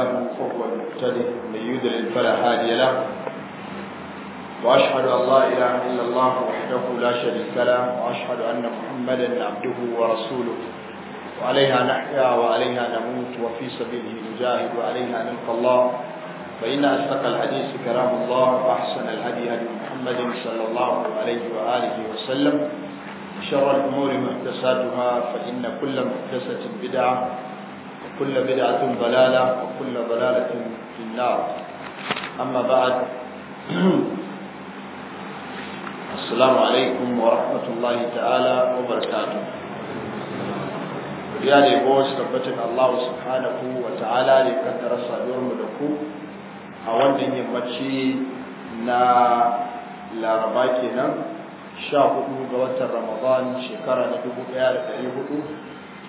يهتدي فهو المهتدي من يدلل فلا هادي له وأشهد أن لا إله إلا الله وحده لا شريك له وأشهد أن محمدا عبده ورسوله وعليها نحيا وعليها نموت وفي سبيله نجاهد وعليها نلقى الله فإن أصدق الحديث كلام الله وأحسن الهدي هدي محمد صلى الله عليه وآله وسلم شر الأمور محدثاتها فإن كل محدثة بدعة وكل بدعة ضلالة وكل ضلالة في النار أما بعد السلام عليكم ورحمة الله تعالى وبركاته ya ne bosh tabbatin Allah subhanahu wa ta'ala ne kaddara saduwar mu da ku a wannan yammaci na laraba kenan hudu ga watan Ramadan shekara na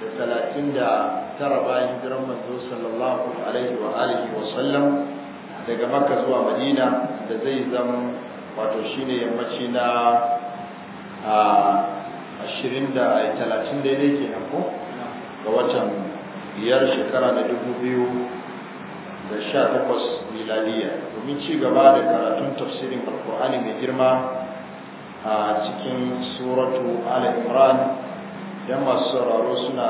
da talatin da tara bayan jiran manzo sallallahu alaihi wa alihi wa sallam daga makka zuwa madina da zai zama wato shine yammaci na ashirin da talatin da ya ke nan ko ga watan biyar shekara na dubu biyu da sha takwas miladiya domin ci gaba da karatun tafsirin alkur'ani mai girma a cikin suratu al imran idan masu sauraro suna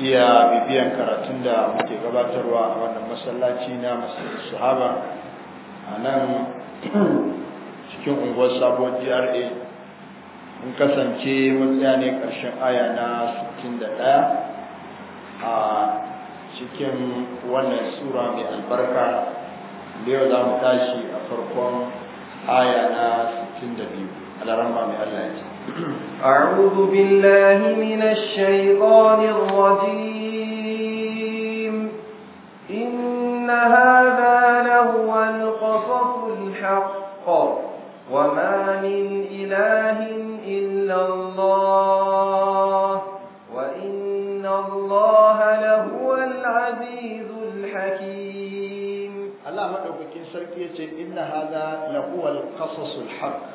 iya bibiyan karatun da muke gabatarwa a wannan masallaci na masjid sahaba a nan cikin unguwar sabon gra in kasance matsaya ne ƙarshen aya na 61 a cikin wannan sura mai albarka da yau za mu tashi a farkon aya na 62 أعوذ بالله من الشيطان الرجيم إن هذا لهو القصص الحق وما من إله إلا الله وإن الله لهو العزيز الحكيم الله ما أبكي سركي إن هذا لهو القصص الحق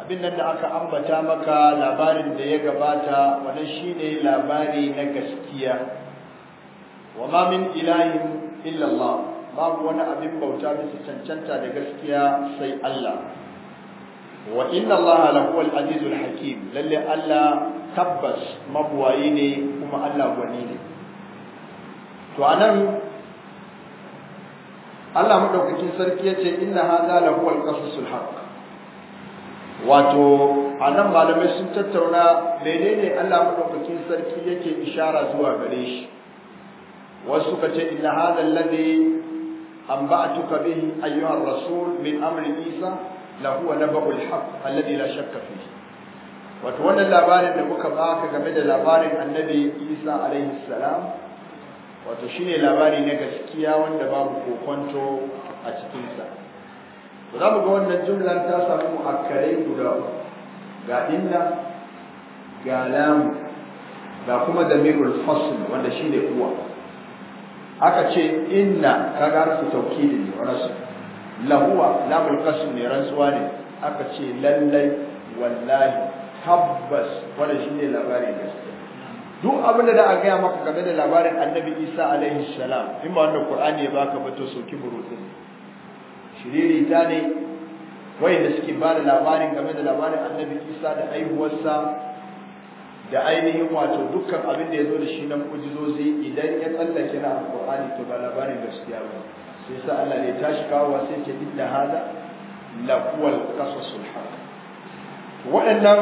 abin nan da aka ambata maka labarin da ya gabata wannan shine labari na gaskiya wa ma min ilahin illallah, babu wani abin bauta bisa cancanta da gaskiya sai Allah wa inna Allah la huwal azizul hakim lalle Allah tabbas mabwayi ne kuma Allah gwani ne to anan Allah madaukakin sarki yace inna hadha la huwal qasasul haqq wato a nan malamai sun tattauna menene Allah madaukakin sarki yake ishara zuwa gare shi wasu ka ce inna hadha alladhi anba'atuka bihi ayyuha ar-rasul min amri isa la huwa naba'ul haqq alladhi la shakka fihi wato wannan labarin da muka baka game da labarin annabi isa alaihi salam wato shine labari na gaskiya wanda babu kokonto a cikinsa to za mu ga wannan jumlan ta samu muhakkarai guda uku, ga inna ga lamu ga kuma da damirul fasl wanda shi ne uwa aka ce inna kaga harfu tawkidi ne wannan su lahuwa lamul qasm ne rantsuwa ne aka ce lallai wallahi tabbas wannan ne labarin gaskiya duk abinda da aka gaya maka game da labarin annabi isa alaihi salam in ma wannan qur'ani ya baka ba to soki burutsin shiriri ta ne wayanda suke ba da labarin game da labarin annabi isa da aihuwarsa da ainihin wato dukkan abin da ya zo da shi na mu'jizozi idan ya tsallake na alqur'ani to ba labarin gaskiya ba sai sa Allah ne tashi kawo sai ce inna hada la kuwal qasasul haq waɗannan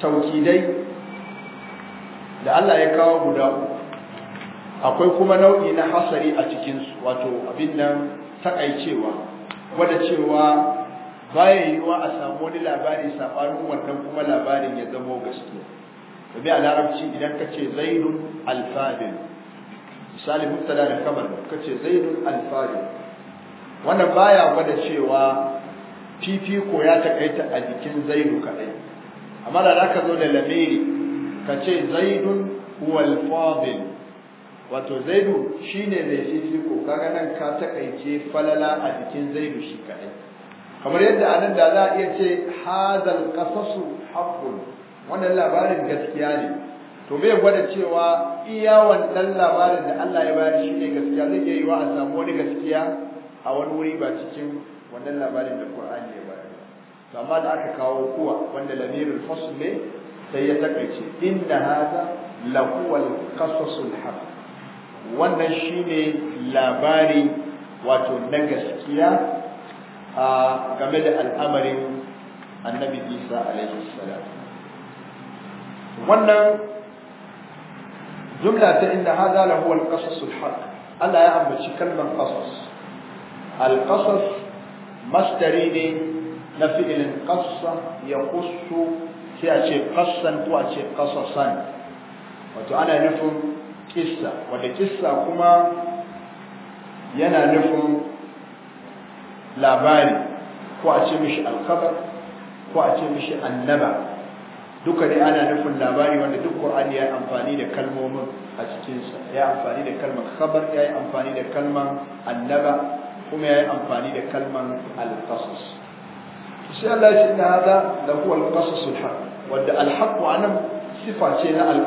taukidai da Allah ya kawo guda akwai kuma nau'i na hasari a cikinsu wato abin nan takaicewa gwada cewa baya yiwuwa a samu wani labari sabanin wannan kuma labarin ya zamo gaske. domin a larabci idan ka ce alfadil misali mutala da kamar ka ce alfadil wannan baya gwada cewa koya ya takaita a jikin zainu kadai amma da zaka zo da lamiri ka ce zainun huwal wato zaidu shine mai fifiko kaga nan ka takaice falala a jikin zaidu shi kadai kamar yadda anan da za a iya ce hadal qasasu haqqun wannan labarin gaskiya ne to bai gwada cewa iya wannan labarin da Allah ya bayar shine gaskiya zai iya yiwa a samu wani gaskiya a wani wuri ba cikin wannan labarin da Qur'ani ya bayar to amma da aka kawo kuwa wanda lamirul fasl ne sai ya takaice inda hadha lahu al qasasul haqq wannan shine labari wato na gaskiya a game da al'amarin annabi isa alaihi salam wannan jumla ta inda haza lahu al-qasas al-haq Allah ya ambaci kalmar qasas al-qasas masdari ne na fi'ilin qassa yaqussu sai a ce qassan ko a ce qasasan wato ana nufin kissa wata kissa kuma yana nufin labari ko a ce mishi alkhabar ko a ce mishi annaba duka dai ana nufin labari wanda duk Qur'ani ya yi amfani da kalmomin a cikinsa ya yi amfani da kalmar khabar ya yi amfani da kalmar annaba kuma ya yi amfani da kalmar al-qasas sai Allah ya ce hada da huwa al-qasas wadda haq wanda al anan sifa ce na al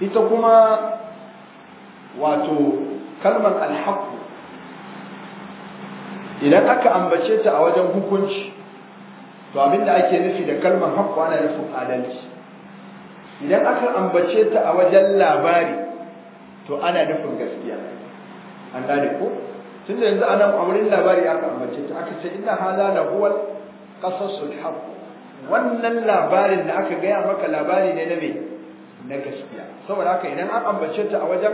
ita kuma wato kalmar alhaku idan aka ambace ta a wajen hukunci to abinda ake nufi da kalmar haku ana nufin adalci idan aka ambace ta a wajen labari to ana nufin gaskiya an gane ko da yanzu ana a wurin labari aka ambace ta aka ce inna hala la huwal qasasul haqq wannan labarin da aka gaya maka labari ne na me na gaskiya saboda haka idan an ambace ta a wajen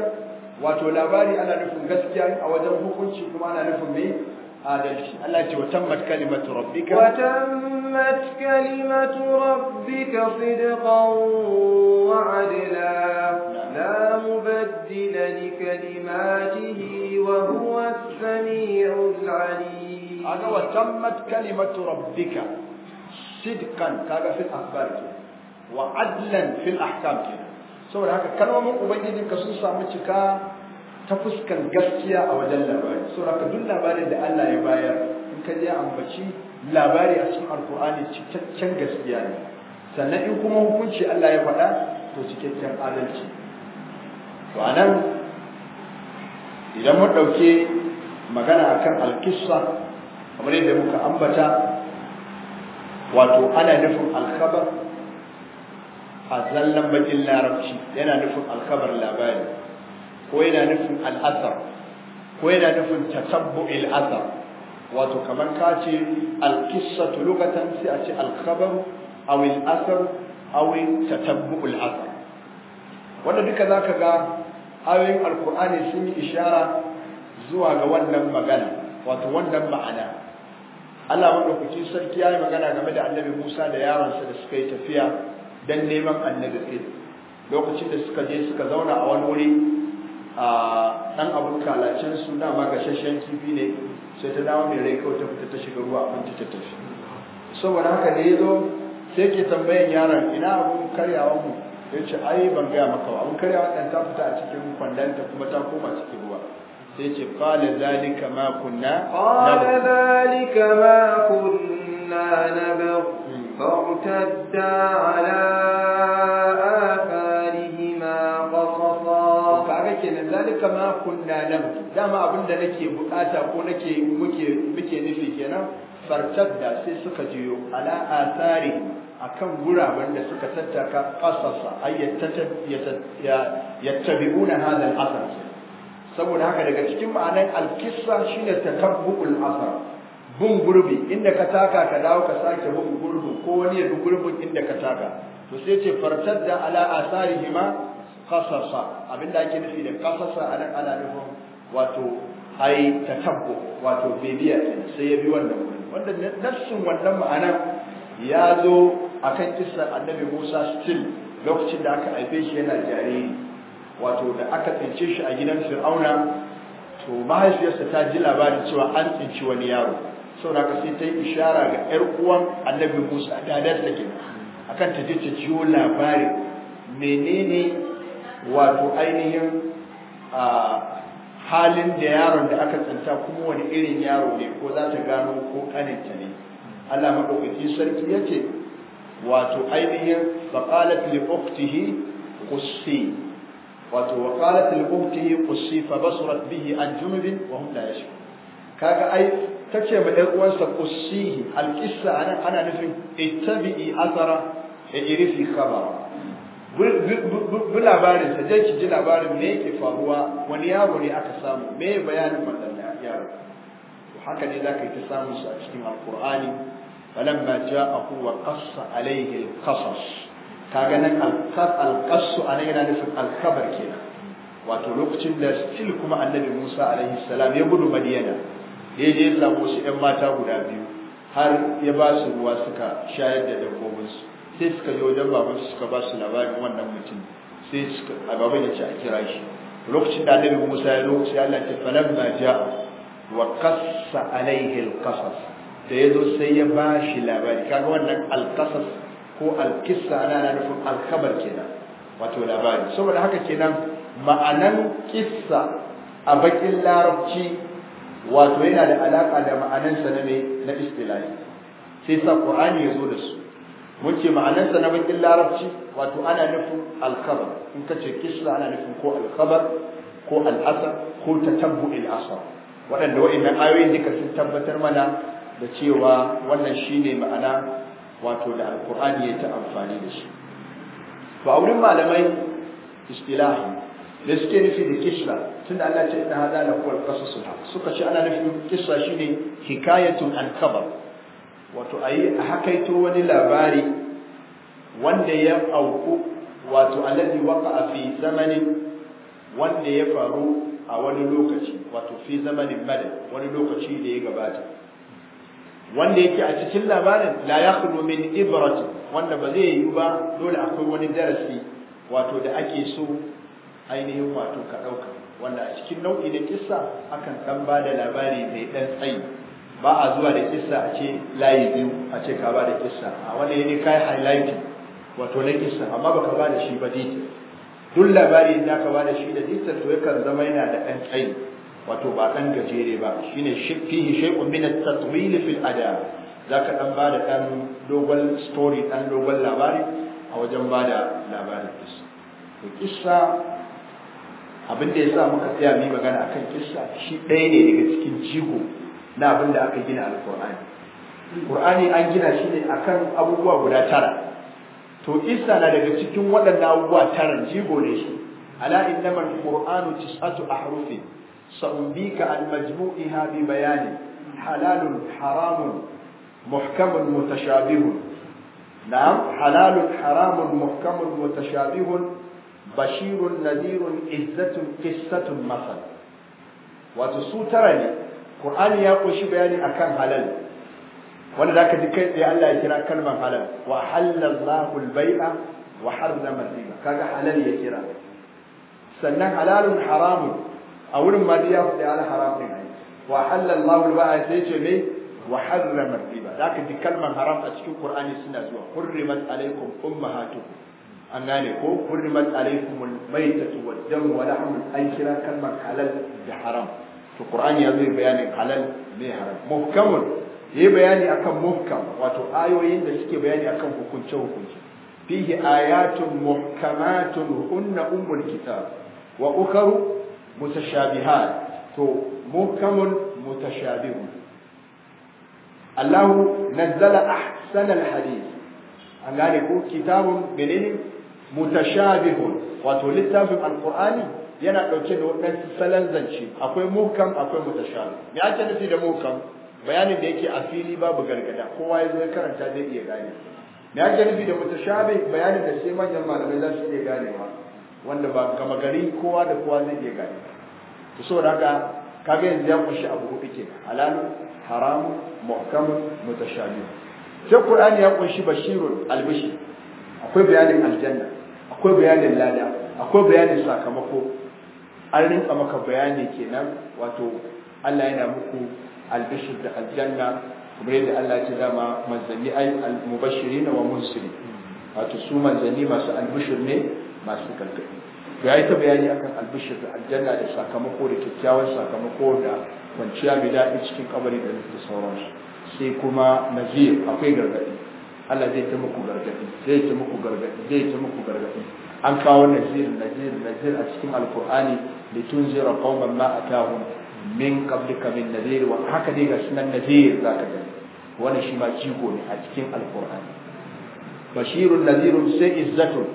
wato labari ana nufin gaskiya a wajen hukunci kuma ana nufin me adalci Allah ce watammat kalimatu rabbika watammat kalimatu rabbika sidqan wa adla la mubaddila li kalimatihi wa huwa as-sami'ul 'alim aga watammat kalimatu rabbika sidqan kaga fil akhbar wa adlan fil ahkam saboda haka kalmomin ubangijin ka sun samu cika ta fuskan gaskiya a wajen labari saboda haka duk labarin da Allah ya bayar in ka je ambaci labari a cikin alkur'ani cikakken gaskiya ne sannan in kuma hukunci Allah ya faɗa to cikakken adalci to anan idan mun ɗauke magana akan alkissa kamar yadda muka ambata wato ana nufin alkhabar a zallan bakin larabci yana nufin alkabar labari ko yana nufin al'asar ko yana nufin tatabbu'il asar wato kamar ka ce alkissatu lokacin sai a ce alkabar awil asar awil tatabbu'ul asar wanda duka za ka ga ayoyin alkur'ani sun yi ishara zuwa ga wannan magana wato wannan ma'ana Allah wanda kuki sarki ya yi magana game da annabi Musa da yaransa da suka yi tafiya dan neman annabi kai lokacin da suka je suka zauna a wani wuri a dan abun kalacin su dama gashashen kifi ne sai ta dawo mai rai kawai ta fita ta shiga ruwa abin ta tafi saboda haka da ya zo sai ke tambayan yaron ina abin karyawa mu ya ce ai ban gaya maka ba Abin karyawan dan ta fita a cikin kwandanta kuma ta koma cikin ruwa sai ce qala zalika ma kunna qala zalika ma kunna فارتدا على آثارهما قصصا kaga kenan zalika ma kunna lam dama abinda nake bukata ko nake muke muke nufi kenan fartadda sai suka jiyo ala a kan guraben da suka tattaka qasasa ayyattabi'una hadha al-athar saboda haka daga cikin ma'anar al-qissa shine tatabbu'ul athar bin gurbi inda ka taka ka dawo ka sake bin gurbin ko wani ya bi gurbin inda ka taka to sai ce fartar da ala ma qasasa abinda ake nufi da qasasa anan ala nufin wato ai tabbo wato bibiya sai ya bi wannan wanda nassin wannan ma'anar ya zo akan kisan annabi Musa still lokacin da aka haife shi yana jariri wato da aka tsince shi a gidan Fir'auna to mahaifiyarsa ta ji labarin cewa an tsinci wani yaro saboda ka sai ta yi ishara ga yar uwan annabi Musa dadar ta kenan akan ta je ta jiyo labarin menene wato ainihin halin da yaron da aka tsanta kuma wani irin yaro ne ko za ta gano ko kaninta ne Allah madaukaki sarki yace wato ainihin faqalat li ukhtihi qussi wato waqalat li ukhtihi qussi fa basurat bihi an junubin wa hum la yashkurun kaga ai ta ce ma ɗan uwansa kusihi alƙissa ana nufin ittabi'i asara ya iri fi khabara labarin sa je ki ji labarin me yake faruwa wani yaro ne aka samu me bayanin wannan yaro to haka ne zaka yi ta samu su a cikin alqur'ani falamma ja'ahu wa qassa alayhi alqasas kaga nan alqasu anan yana nufin alkabar kenan wato lokacin da still kuma annabi Musa alaihi salam ya gudu Madiyana daidai ya samu wasu 'yan mata guda biyu har ya ba su ruwa suka shayar da dabbobinsu sai suka yi wajen su suka ba su labarin wannan mutum sai a baban ya ce a kira shi lokacin da annabi Musa ya lokaci Allah ce falamma ja'a wa qassa alaihi alqasas da zo sai ya ba shi labari kaga wannan alqasas ko alqissa ana na nufin alkhabar kenan wato labari saboda haka kenan ma'anan kissa a bakin larabci wato yana da alaka da ma'anansa na mai na istilahi sai sa qur'ani ya zo da su mun ce ma'anansa na bakin larabci wato ana nufin alkhabar in ka ce kisra ana nufin ko alkabar, ko al'asa, ko tatabbu al'asar waɗanda wa'annan ayoyin duka sun tabbatar mana da cewa wannan shine ma'ana wato da alkur'ani ya ta amfani da shi to a wurin malamai istilahi da suke nufi da kisra tunda Allah ce inna hada la kuwal qasasuna suka ce ana nufin kisra shine hikayatun an kabar wato a hakaito wani labari wanda ya auku wato alladhi a fi zamanin wanda ya faru a wani lokaci wato fi zamanin madad wani lokaci da ya gabata wanda yake a cikin labarin la yakhlu min ibratin wanda ba zai yi ba dole akwai wani darasi wato da ake so ainihin wato ka ɗauka wanda a cikin nau'i na kissa akan ɗan ba da labari mai ɗan tsayi ba a zuwa da kissa a ce layi biyu a ce ka ba da kissa a wanda ne kai highlighting wato na kissa amma baka ba da shi ba detail duk labari da ka ba da shi da detail to yakan zama yana da ɗan tsayi wato ba ɗan gajere ba shine fihi shay'un min at-tatwil fil ada zaka ɗan ba da ɗan dogon story ɗan dogon labari a wajen ba da labarin kissa to kissa abin da ya sa muka tsaya mu magana akan kissa shi ɗaya ne daga cikin jigo na abin da aka gina Alƙur'ani. ƙur'ani an gina shi ne akan abubuwa guda tara to kissa na daga cikin waɗannan abubuwa tara jigo ne shi ala innamal a tis'atu ahrufin saubika an majmu'iha bi bayani halalun haramun muhkamun mutashabihun na'am halalun haramun muhkamun mutashabihun bashirun nadirun izzatun qissatun masal wato su tara ne qur'ani ya ƙunshi bayani akan halal wanda zaka ji kai tsaye Allah ya kira kalmar halal wa halallahu al-bai'a wa harrama riba kaga halal ya kira sannan halalun haramun a wurin ma ya faɗi al haram din ai wa halallahu al-bai'a sai ce me wa harrama riba zaka ji kalmar haram a cikin qur'ani suna zuwa hurrimat alaikum ummahatukum an gane ko hurrimat alaikumul maitatu wad damu wa lahmul an kira kalmar halal da haram to qur'ani ya zai bayani halal ne haram muhkamun yi bayani akan muhkam wato ayoyin da suke bayani akan hukunce hukunce fihi ayatun muhkamatun hunna ummul kitab wa ukharu mutashabihat to muhkamun mutashabihun Allah nazzala ahsana alhadith an gane ko kitabun menene mutashabihun wato littafin alqur'ani yana dauke da wadansu salan zance akwai muhkam akwai mutashabih me ake nufi da muhkam bayanin da yake a fili babu gargada kowa ya zo ya karanta zai iya gane me ake nufi da mutashabih bayanin da sai manyan malamai za su iya gane ba, wanda ba kama gari kowa da kowa zai iya gane to so daga kaga yanzu ya kunshi abu hudu ke halal haram muhkam mutashabih sai qur'ani ya kunshi bashirul albishi. akwai bayanin aljanna akwai bayanin lada akwai bayanin sakamako an rinka maka bayani kenan wato Allah yana muku albishir da aljanna kamar yadda Allah ya dama manzanni ay almubashirin wa munsirin wato su manzanni masu albishir ne masu gargadi to yayi ta bayani akan albishir da aljanna da sakamako da kyakkyawan sakamako da kwanciya mai daɗi cikin kabari da sauransu sai kuma nazir akwai gargadi Allah zai ta muku gargadi zai ta muku gargadi zai ta muku gargadi an kawo nazir nazir nazir a cikin da tun tunzira qauman ma a atahum min qablika min nazir wa haka dai ga sunan nazir zaka ga wannan shi ma jigo ne a cikin alqur'ani bashirun nazirun sai izzatun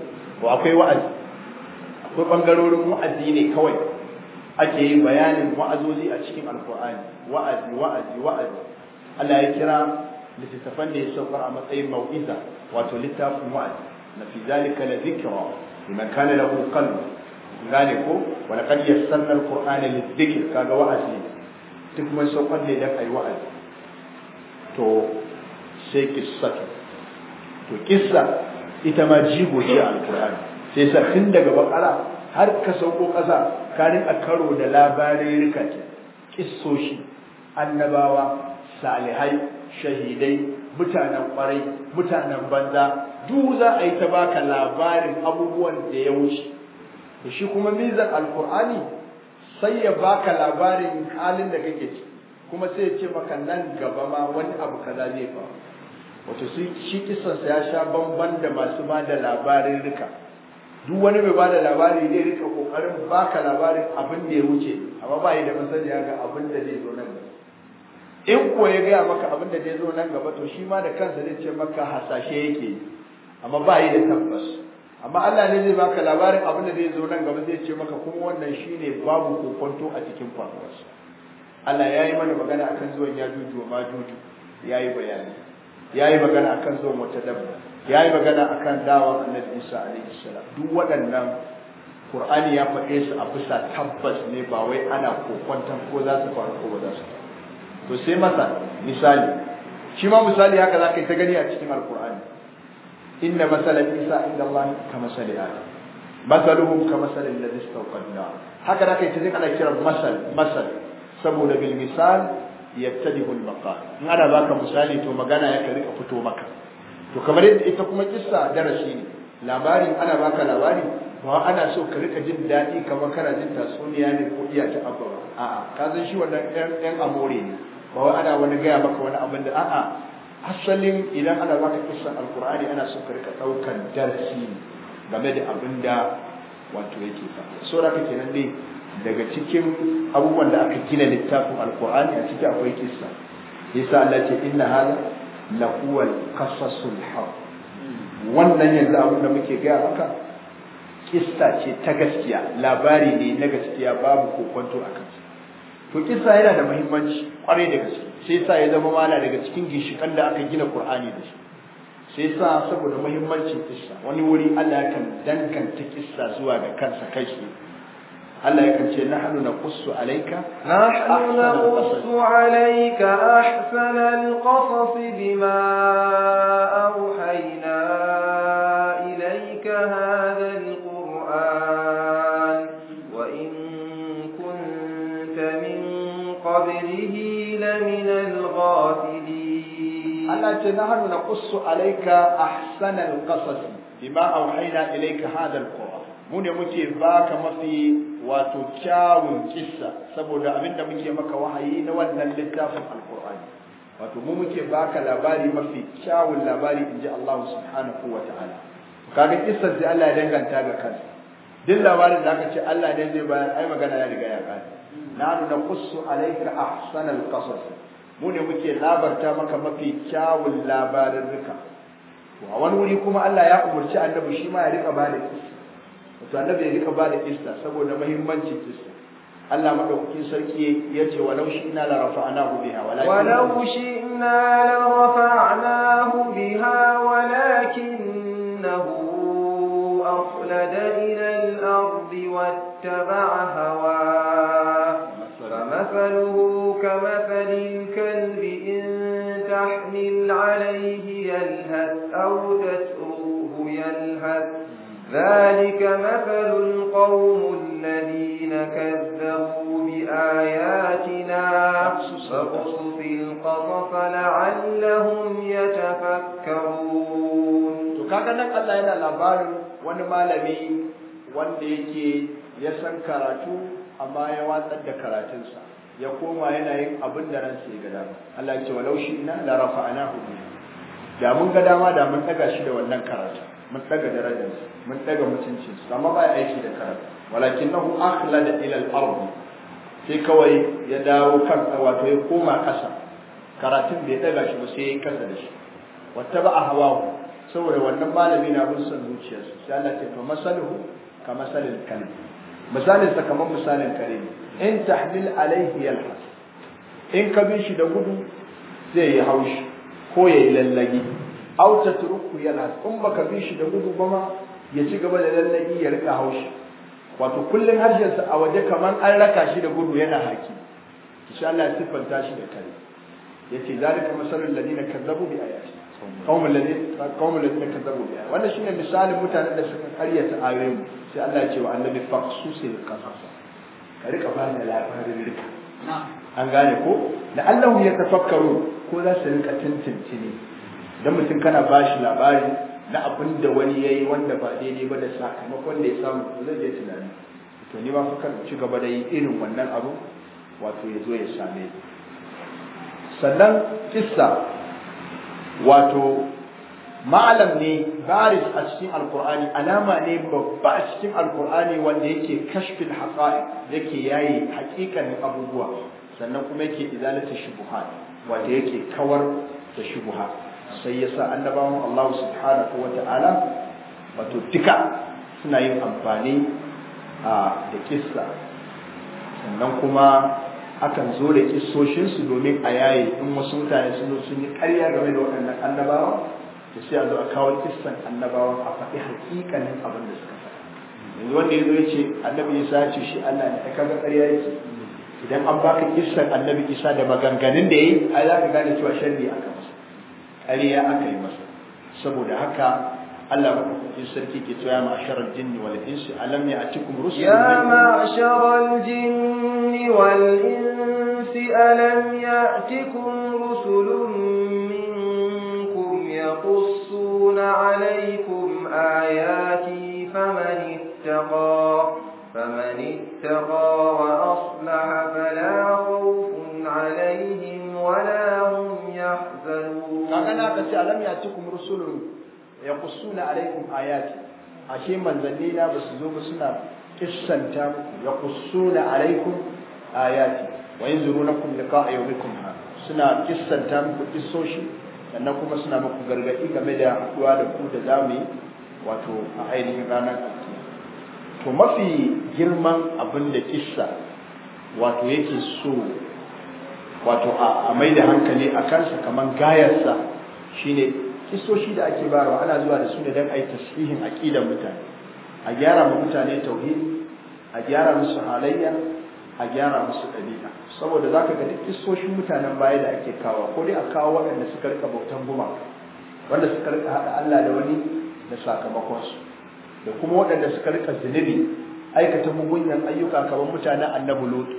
Ko akwai wa'azi akwai bangarorin wa'azi ne kawai ake yin bayanin wa'azozi a cikin alqur'ani wa'azi wa'azi wa'azi Allah ya kira littattafan da ya saukar a matsayin mau'iza wato littafin wa'azi na fi zalika la dhikra liman kana lahu qalb gane ko wa laqad yassanna alqur'ana lidhikr kaga wa'azi duk mun saukar ne dan ayi wa'azi to sai kissatu to kissa ita ma jigo ce alqur'ani sai sa tun daga bakara har ka sauko kasa ka rika karo da labarai rika kissoshi annabawa salihai shahidai mutanen kwarai mutanen banza duk za a yi ta baka labarin abubuwan da ya wuce da shi kuma mizan alkur'ani sai ya baka labarin halin da kake ci kuma sai ya ce maka nan gaba ma wani abu kaza zai ba wato shi kisansa ya sha bamban da masu ba da labarin rika duk wani mai ba da labari zai rika kokarin baka labarin abin da ya wuce amma ba yi da masaniya ga abin da zai zo nan gaba in ko ya gaya maka abin da zai zo nan gaba to shi ma da kansa zai ce maka hasashe yake amma ba yi da tabbas amma Allah ne zai baka labarin abin da zai zo nan gaba zai ce maka kuma wannan shine babu kokonto a cikin faruwarsa Allah ya yi mana magana akan zuwan ya juju ma juju ya yi bayani ya yi magana akan zuwan wata dabba ya yi magana akan dawon annabi Isa alaihi salam duk waɗannan Qur'ani ya faɗe su a bisa tabbas ne ba wai ana kokonta ko za su faru ko ba za su faru to sai masa misali shi ma misali haka za ka yi ta gani a cikin alkur'ani inna masalan isa inda Allah ka masali a masaluhum ka masalin ladhi istawqadna haka ka kai ta jin ana kiran masal masal saboda bil misal ya ta dihun maka, in ana baka misali to magana ya ka rika fito maka to kamar yadda ita kuma kissa darasi ne labarin ana baka labari ba ana so ka rika jin daɗi kamar kana jin tatsuniya ne ko iya ta abuwa a'a ka san shi wannan yan amore ne ba wai ana wani gaya maka wani abin da a'a asalin idan ana baka kissan alkur'ani ana so ka rika ɗaukar darasi game da abin da wato yake faɗi so da kake nan dai daga cikin abubuwan da aka gina littafin alkur'ani a ciki akwai kissa yasa Allah ce inna hada la huwa qasasul haq wannan yanzu abin da muke gaya maka kissa ce ta gaskiya labari ne na gaskiya babu kokonto a kansa to kissa yana da muhimmanci kwarai da gaske sai yasa ya zama mala daga cikin gishikan da aka gina Qur'ani da shi sai yasa saboda muhimmancin kissa wani wuri Allah ya kan dankanta kissa zuwa ga kansa kai Allah ya kan ce nahnu naqussu alayka nahnu naqussu alayka ahsana alqasas bima awhayna ilayka hadha Allah ce nahnu naqussu alayka ahsanal qasas bima auhayna ilayka hadha kowa. mu ne muke baka mafi wato kyawun kissa saboda abinda muke maka wahayi na wannan littafin alkur'ani wato mu muke baka labari mafi kyawun labari inji Allah subhanahu wataala kaga kissar sai Allah ya danganta ga kansa duk labarin da aka ce Allah ne zai bayar ai magana ya riga ya kare kusu alaika a ahsanal qasas mu ne muke labarta maka mafi kyawun labarin duka. a wani wuri kuma Allah ya umarci annabi shi ma ya rika bada kissa wato annabi ya rika bada kissa saboda muhimmancin kissa Allah madaukakin sarki ya ce walau shi'na la rafa'nahu biha walakin walau shi'na la rafa'nahu biha walakinnahu أخلد إلى الأرض واتبع هواه فمثله عليه يلهث أو تتركه يلهث ذلك مثل القوم الذين كذبوا بآياتنا فاقصص القصص لعلهم يتفكرون kaga nan yana labarin wani malami wanda yake ya san karatu amma ya watsar da karatunsa ya koma yana yin abin da ransa ya ga dama Allah ya ce walau shi ina la rafa'nahu da mun ga dama da mun daga shi da wannan karatu mun daga darajarsa mun daga mutuncin sa amma ba aiki da karatu walakinahu akhlada ila al-ard sai kawai ya dawo kan wato ya koma kasa karatun bai daga shi ba sai ya kasa da shi Wata ba wattaba ahwahu saboda wannan malami na bin son zuciyarsu, sai Allah ya ce fa masaluhu ka masalil kalbi misalin sa kamar misalin kare ne in tahmil alaihi yalhas in ka bi shi da gudu zai yi haushi ko ya yi lallagi aw tatruku yalhas in baka bi shi da gudu ba ma ya ci gaba da lallagi ya rika haushi wato kullum harshensa a waje kamar an raka shi da gudu yana haki insha Allah ya siffanta shi da kare yace zalika masalul ladina kazzabu bi ayati qaumul ladina qaumul ladina kazzabu bi ayati wannan shine misalin mutanen da suka karyata ayoyin sai Allah ya ce wa annabi faqsusil qasasa ka rika ba da labarin rika an gane ko Da allahu ya tafakkaru ko za su rika tantance ne dan mutum kana ba shi labari na abin da wani ya yi wanda ba daidai ba da sakamakon da ya samu ko zai je tunani to ni ba fakar ci gaba da yi irin wannan abu wato ya zo ya same sannan kissa wato malam ne baris a cikin alkur'ani alama ne babba a cikin alkur'ani wanda yake kashfin haƙa'i yake yaye haƙiƙanin abubuwa sannan kuma yake izalata shubuhat wanda yake kawar da shubuha sai yasa annabawan Allah subhanahu ta'ala wato duka suna yin amfani a da kissa sannan kuma akan zo da kissoshinsu domin a yaye in wasu mutane sun yi ƙarya game da waɗannan annabawa to sai a zo a kawo kissan annabawan a faɗi hakikanin abin da suka faɗa yanzu wanda ya zo ya ce annabi isa ya ce shi Allah ne ai kaga ƙarya yake idan an baka kistan annabi isa da maganganun da yi ai za ka gane cewa sharri aka masa ƙarya aka yi masa saboda haka Allah maɗaukakin sarki ke cewa ma ma'asharar jinni wal insi alam ya atikum rusul ya ma'asharar jinni wal insi alam ya atikum rusulun يقصون عليكم آياتي فمن اتقى فمن اتقى وأصلح فلا خوف عليهم ولا هم يحزنون أنا قلت ألم يأتكم رسل يقصون عليكم آياتي ashe manzanni na ba su zo ba suna kissanta ya kussuna alaikum ayati wa yanzuru lakum liqa'a yawmikum suna kissanta sannan kuma suna muku gargaɗi game da haɗuwa da ku da za mu yi wato a ainihin ranar ƙarfi to mafi girman abin da kisa wato yake so wato a mai da hankali a kansa kamar gayarsa shine kisoshi da ake bayarwa ana zuwa da su ne don a yi a aƙidar mutane a gyara ma mutane tauhidi a gyara musu halayya a gyara musu ɗabi'a saboda za ka ga duk kistoshin mutanen baya da ake kawo ko dai a kawo waɗanda suka rika bautan guma wanda suka rika haɗa Allah da wani da sakamakonsu da kuma waɗanda suka rika zunubi aikata mugunyan ayyuka kamar mutanen annabi lutu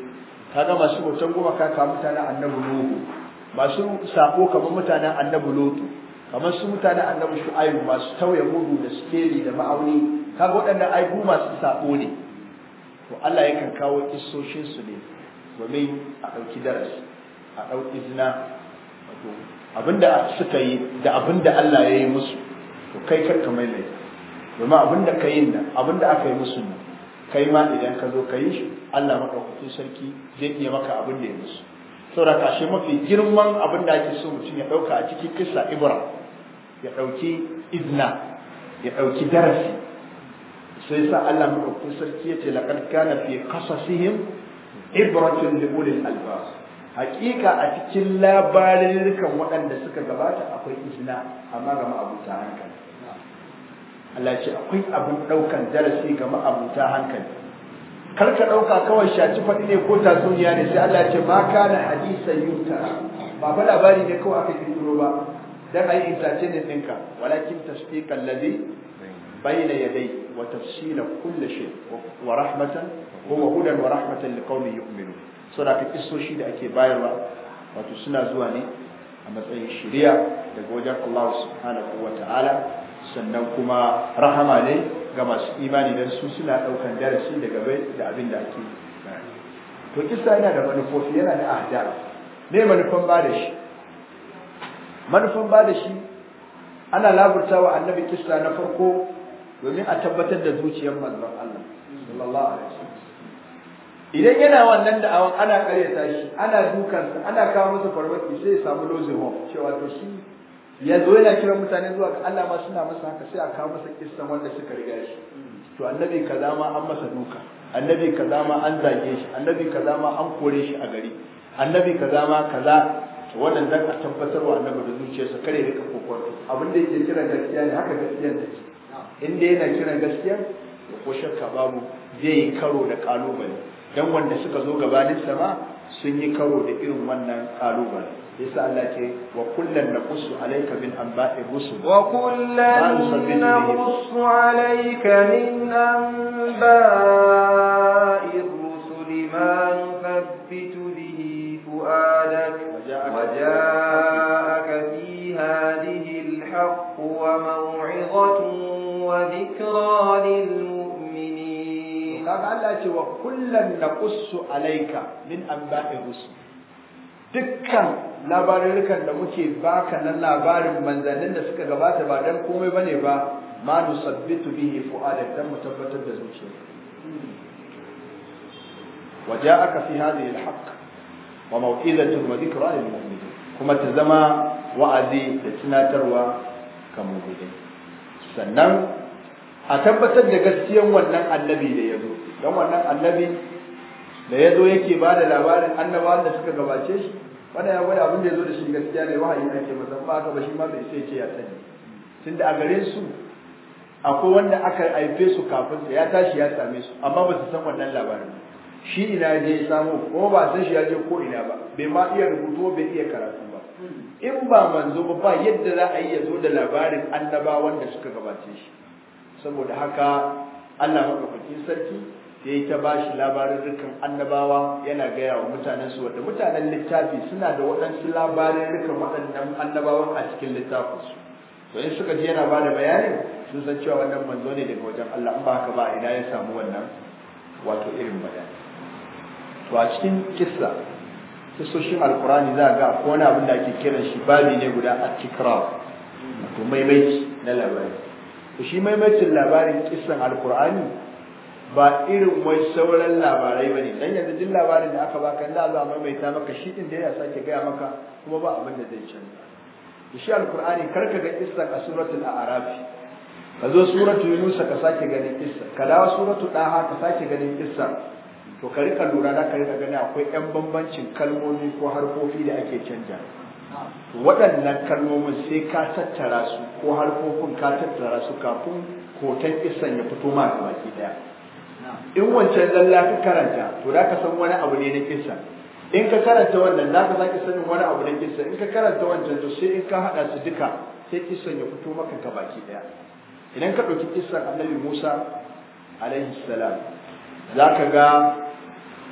kaga masu bautan guma ka kamar mutanen annabi lotu masu sako kamar mutanen annabi lutu kamar su mutanen annabu shu'aibu masu tauye mudu da sikeli da ma'auni kaga waɗanda ai masu sako ne to Allah yakan kawo kissoshin su ne domin a ɗauki darasi a ɗauki izina wato abinda suka yi da abinda Allah ya yi musu to kai kar ka mai laifi domin abinda ka yi na, abinda aka yi musu ne kai ma idan ka zo ka yi shi Allah maɗaukakin sarki zai iya maka abinda ya musu saboda kashe mafi girman abin da ake so mutum ya ɗauka a cikin kissa ibra ya ɗauki izna ya ɗauki darasi sai sa Allah madaukakin sarki yace laqad kana fi qasasihim Ibrahim li ulil albab hakika a cikin labarirkan waɗanda suka gabata akwai izina amma ga ma'abuta hankali Allah ce akwai abin ɗaukan darasi ga ma'abuta hankali kar ka ɗauka kawai shaci faɗi ne ko tatsuniya ne sai Allah ce ma kana hadisan yuta ba fa labari ne kawai aka kirkiro ba dan ayi intace ne ɗinka walakin tasdiqan ladhi bayna yadayhi وتفصيل كل شيء ورحمة هو هدى ورحمة لقوم يؤمنون صدا كي اسو شي ده اكي بايروا واتو سنا زواني اما تسين شريا الله سبحانه وتعالى sannan kuma rahama ne ga masu imani don su suna ɗaukan darasi daga bai da abin da ake to kisa yana da manufofi yana da ahdar ne manufan bada shi manufan ba da shi ana laburtawa annabi kisa na farko domin a tabbatar da zuciyar manzon Allah sallallahu alaihi wasallam idan yana wannan da'awan ana karyata shi ana dukansa ana kawo masa farmaki sai ya samu lozi hom. cewa to shi ya zo yana kiran mutane zuwa ga Allah ma suna masa haka sai a kawo masa kissan wanda suka riga shi to annabi kaza ma an masa duka annabi kaza ma an zage shi annabi kaza ma an kore shi a gari annabi kaza ma kaza to a tabbatar wa annabi da zuciyarsa kare rika kokon abin da yake kira gaskiya ne haka gaskiyar take inda yana kiran gaskiya ko shakka babu zai yi karo da kalubale dan wanda suka zo gabanin sa ma sun yi karo da irin wannan kalubale yasa Allah ce wa kullan naqussu alayka min anba'i rusul wa kullan naqussu alayka min anba'i rusul ma nuthabbitu bihi fu'adak wa ja'aka fi hadhihi al-haqq wa maw'izatun وذكرى للمؤمنين قال الله alaika نقص عليك من أنباء الرسل dukkan labarurukan da muke baka nan labarin manzannin da suka gabata ba dan komai ba ne ba ma nu sabbitu bihi fu'ada dan mu tabbatar da zuciya wa ja'aka fi hadhihi al-haqq wa maw'idatu wa dhikra lil-mu'minin kuma ta zama wa'azi da tunatarwa ga mu'minai sannan a tabbatar da gaskiyan wannan annabi da ya zo don wannan annabi da ya zo yake ba da labarin annabawan da suka gabace shi wanda ya gwada abin da ya zo da shi gaskiya ne wahayi ake masa ba haka ba shi ma bai sai ce ya sani tunda a gare su akwai wanda aka haife su kafin sa ya tashi ya same su amma ba su san wannan labarin shi ina je samu ko ba san shi ya je ko ina ba bai ma iya rubutu bai iya karatu ba in ba manzo ba ba yadda za a yi ya zo da labarin annabawan da suka gabace shi saboda haka Allah madaukakin sarki sai ta bashi labarin dukkan annabawa yana gaya wa mutanen su wanda mutanen littafi suna da waɗansu labarin dukkan waɗannan annabawan a cikin littafinsu to in suka ji yana ba da bayani sun san cewa wannan manzo ne daga wajen Allah in ba haka ba ina ya samu wannan wato irin bayani to a cikin kissa shi alkurani za ga ko wani abin da ake kiran shi babi ne guda a tikrar wato maimaici na labari to shi maimacin labarin kissan alkur'ani ba irin wai sauran labarai ba ne dan yanzu duk labarin da aka baka inda Allah maimaita maka shi din da ya sake gaya maka kuma ba abin da zai canza shi alkur'ani kar ka ga kissan a suratul a'raf ka zo suratul yunus ka sake ganin kissa ka dawo suratul daha ka sake ganin kissa to ka rika lura da ka rika gani akwai yan bambancin kalmomi ko harfofi da ake canja waɗannan kalmomin sai ka tattara su ko harkokin ka tattara su kafin hoton isan ya fito ma gaba ki daya in wancan lalla ka karanta to da ka san wani abu ne na kisa. in ka karanta wannan za ka sake sanin wani abu na kisa, in ka karanta wancan to sai in ka haɗa su duka sai kisan ya fito maka gaba ki daya idan ka ɗauki kisan annabi musa alaihi salam za ka ga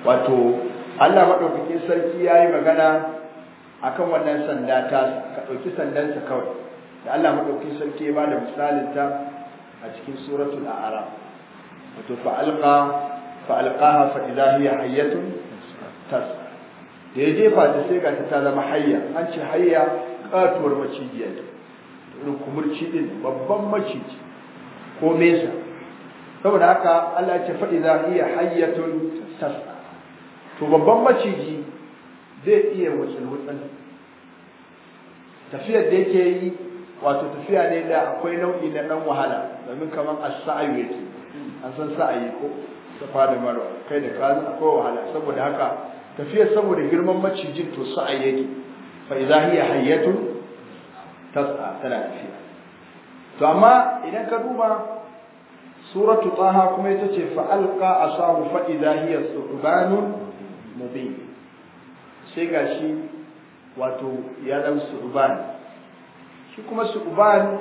wato allah madaukakin sarki ya yi magana akan wannan sanda ta ka ɗauki sandansa kawai da Allah maɗauki sarki ya bada misalin ta a cikin suratul a'raf wato fa alqa fa alqaha fa idha hiya hayyatun tas da ya jefa ta sai ga ta zama hayya an ce hayya katuwar macijiya irin kumurci din babban maciji ko mesa saboda haka Allah ya ce fa idha hiya hayyatun tas to babban maciji zai iya wutsul wutsul tafiyar da yake yi wato tafiya ne da akwai nau'i na dan wahala domin kamar as-sa'yu yake an san sa'ayi ko safa da marwa kai da kazu akwai wahala saboda haka tafiyar saboda girman macijin to sa'ayi yake fa idza hiya hayyatun tas'a tana tafiya to amma idan ka duba suratu taha kuma ita ce fa alqa asahu fa idza hiya suhbanun mubin sai ga shi wato ya dan su'uban shi kuma su'uban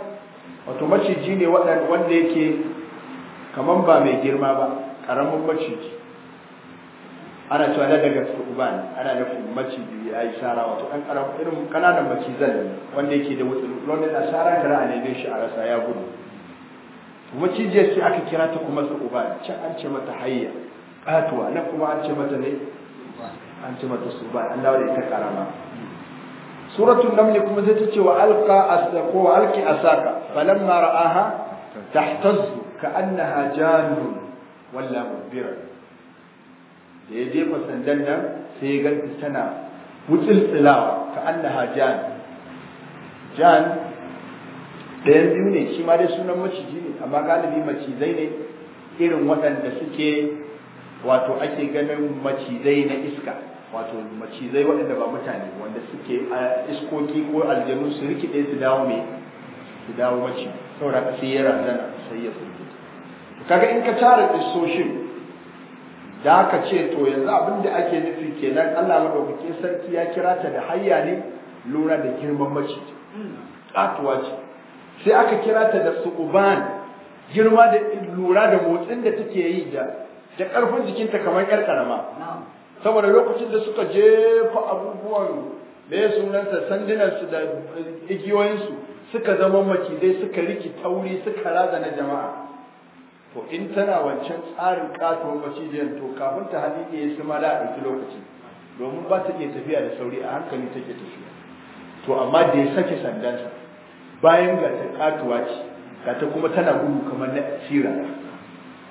wato maciji ne wanda yake kaman ba mai girma ba karamin maciji ana cewa na daga su'uban ana nufin maciji ya yi shara wato ɗan karamin irin kananan macizan wanda yake da wutsu wanda da shara kara a neme shi a rasa ya gudu macijiyar sai aka kira ta kuma su'uban can an ce mata hayya katuwa nan kuma an ce mata ne an ce mata su ba Allah da ita karama suratul naml kuma sai ta ce wa alqa asqa wa alqi asaka falamma ra'aha ka annaha janun walla mubira da ya jefa sandan nan sai ga tana tana wutsiltsilawa annaha jan jan ɗayan biyu ne shi ma dai sunan maciji ne amma galibi macizai ne irin waɗanda suke wato ake ganin macizai na iska wato macizai waɗanda ba mutane wanda suke a iskoki ko aljanu su rikide su dawo mai su dawo mace saboda ka sai ya razana sai ya tsinke kaga in ka tara isoshin da ka ce to yanzu abin da ake nufi kenan Allah madaukakin sarki ya kira ta da hayya ne lura da girman mace katuwa ce sai aka kira ta da uban girma da lura da motsin da take yi da da jikinta kamar yar karama saboda lokacin da suka jefa abubuwan ya sunanta sandunansu da igiyoyinsu suka zama macizai suka riki tauri suka raza na jama'a to in tana wancan tsarin katon macijiyar to kafin ta hali iya su mala a ɗauki lokaci domin ba ta iya tafiya da sauri a hankali take tafiya to amma da ya sake sandansa bayan ga ta katuwa ce ga ta kuma tana gudu kamar na tsira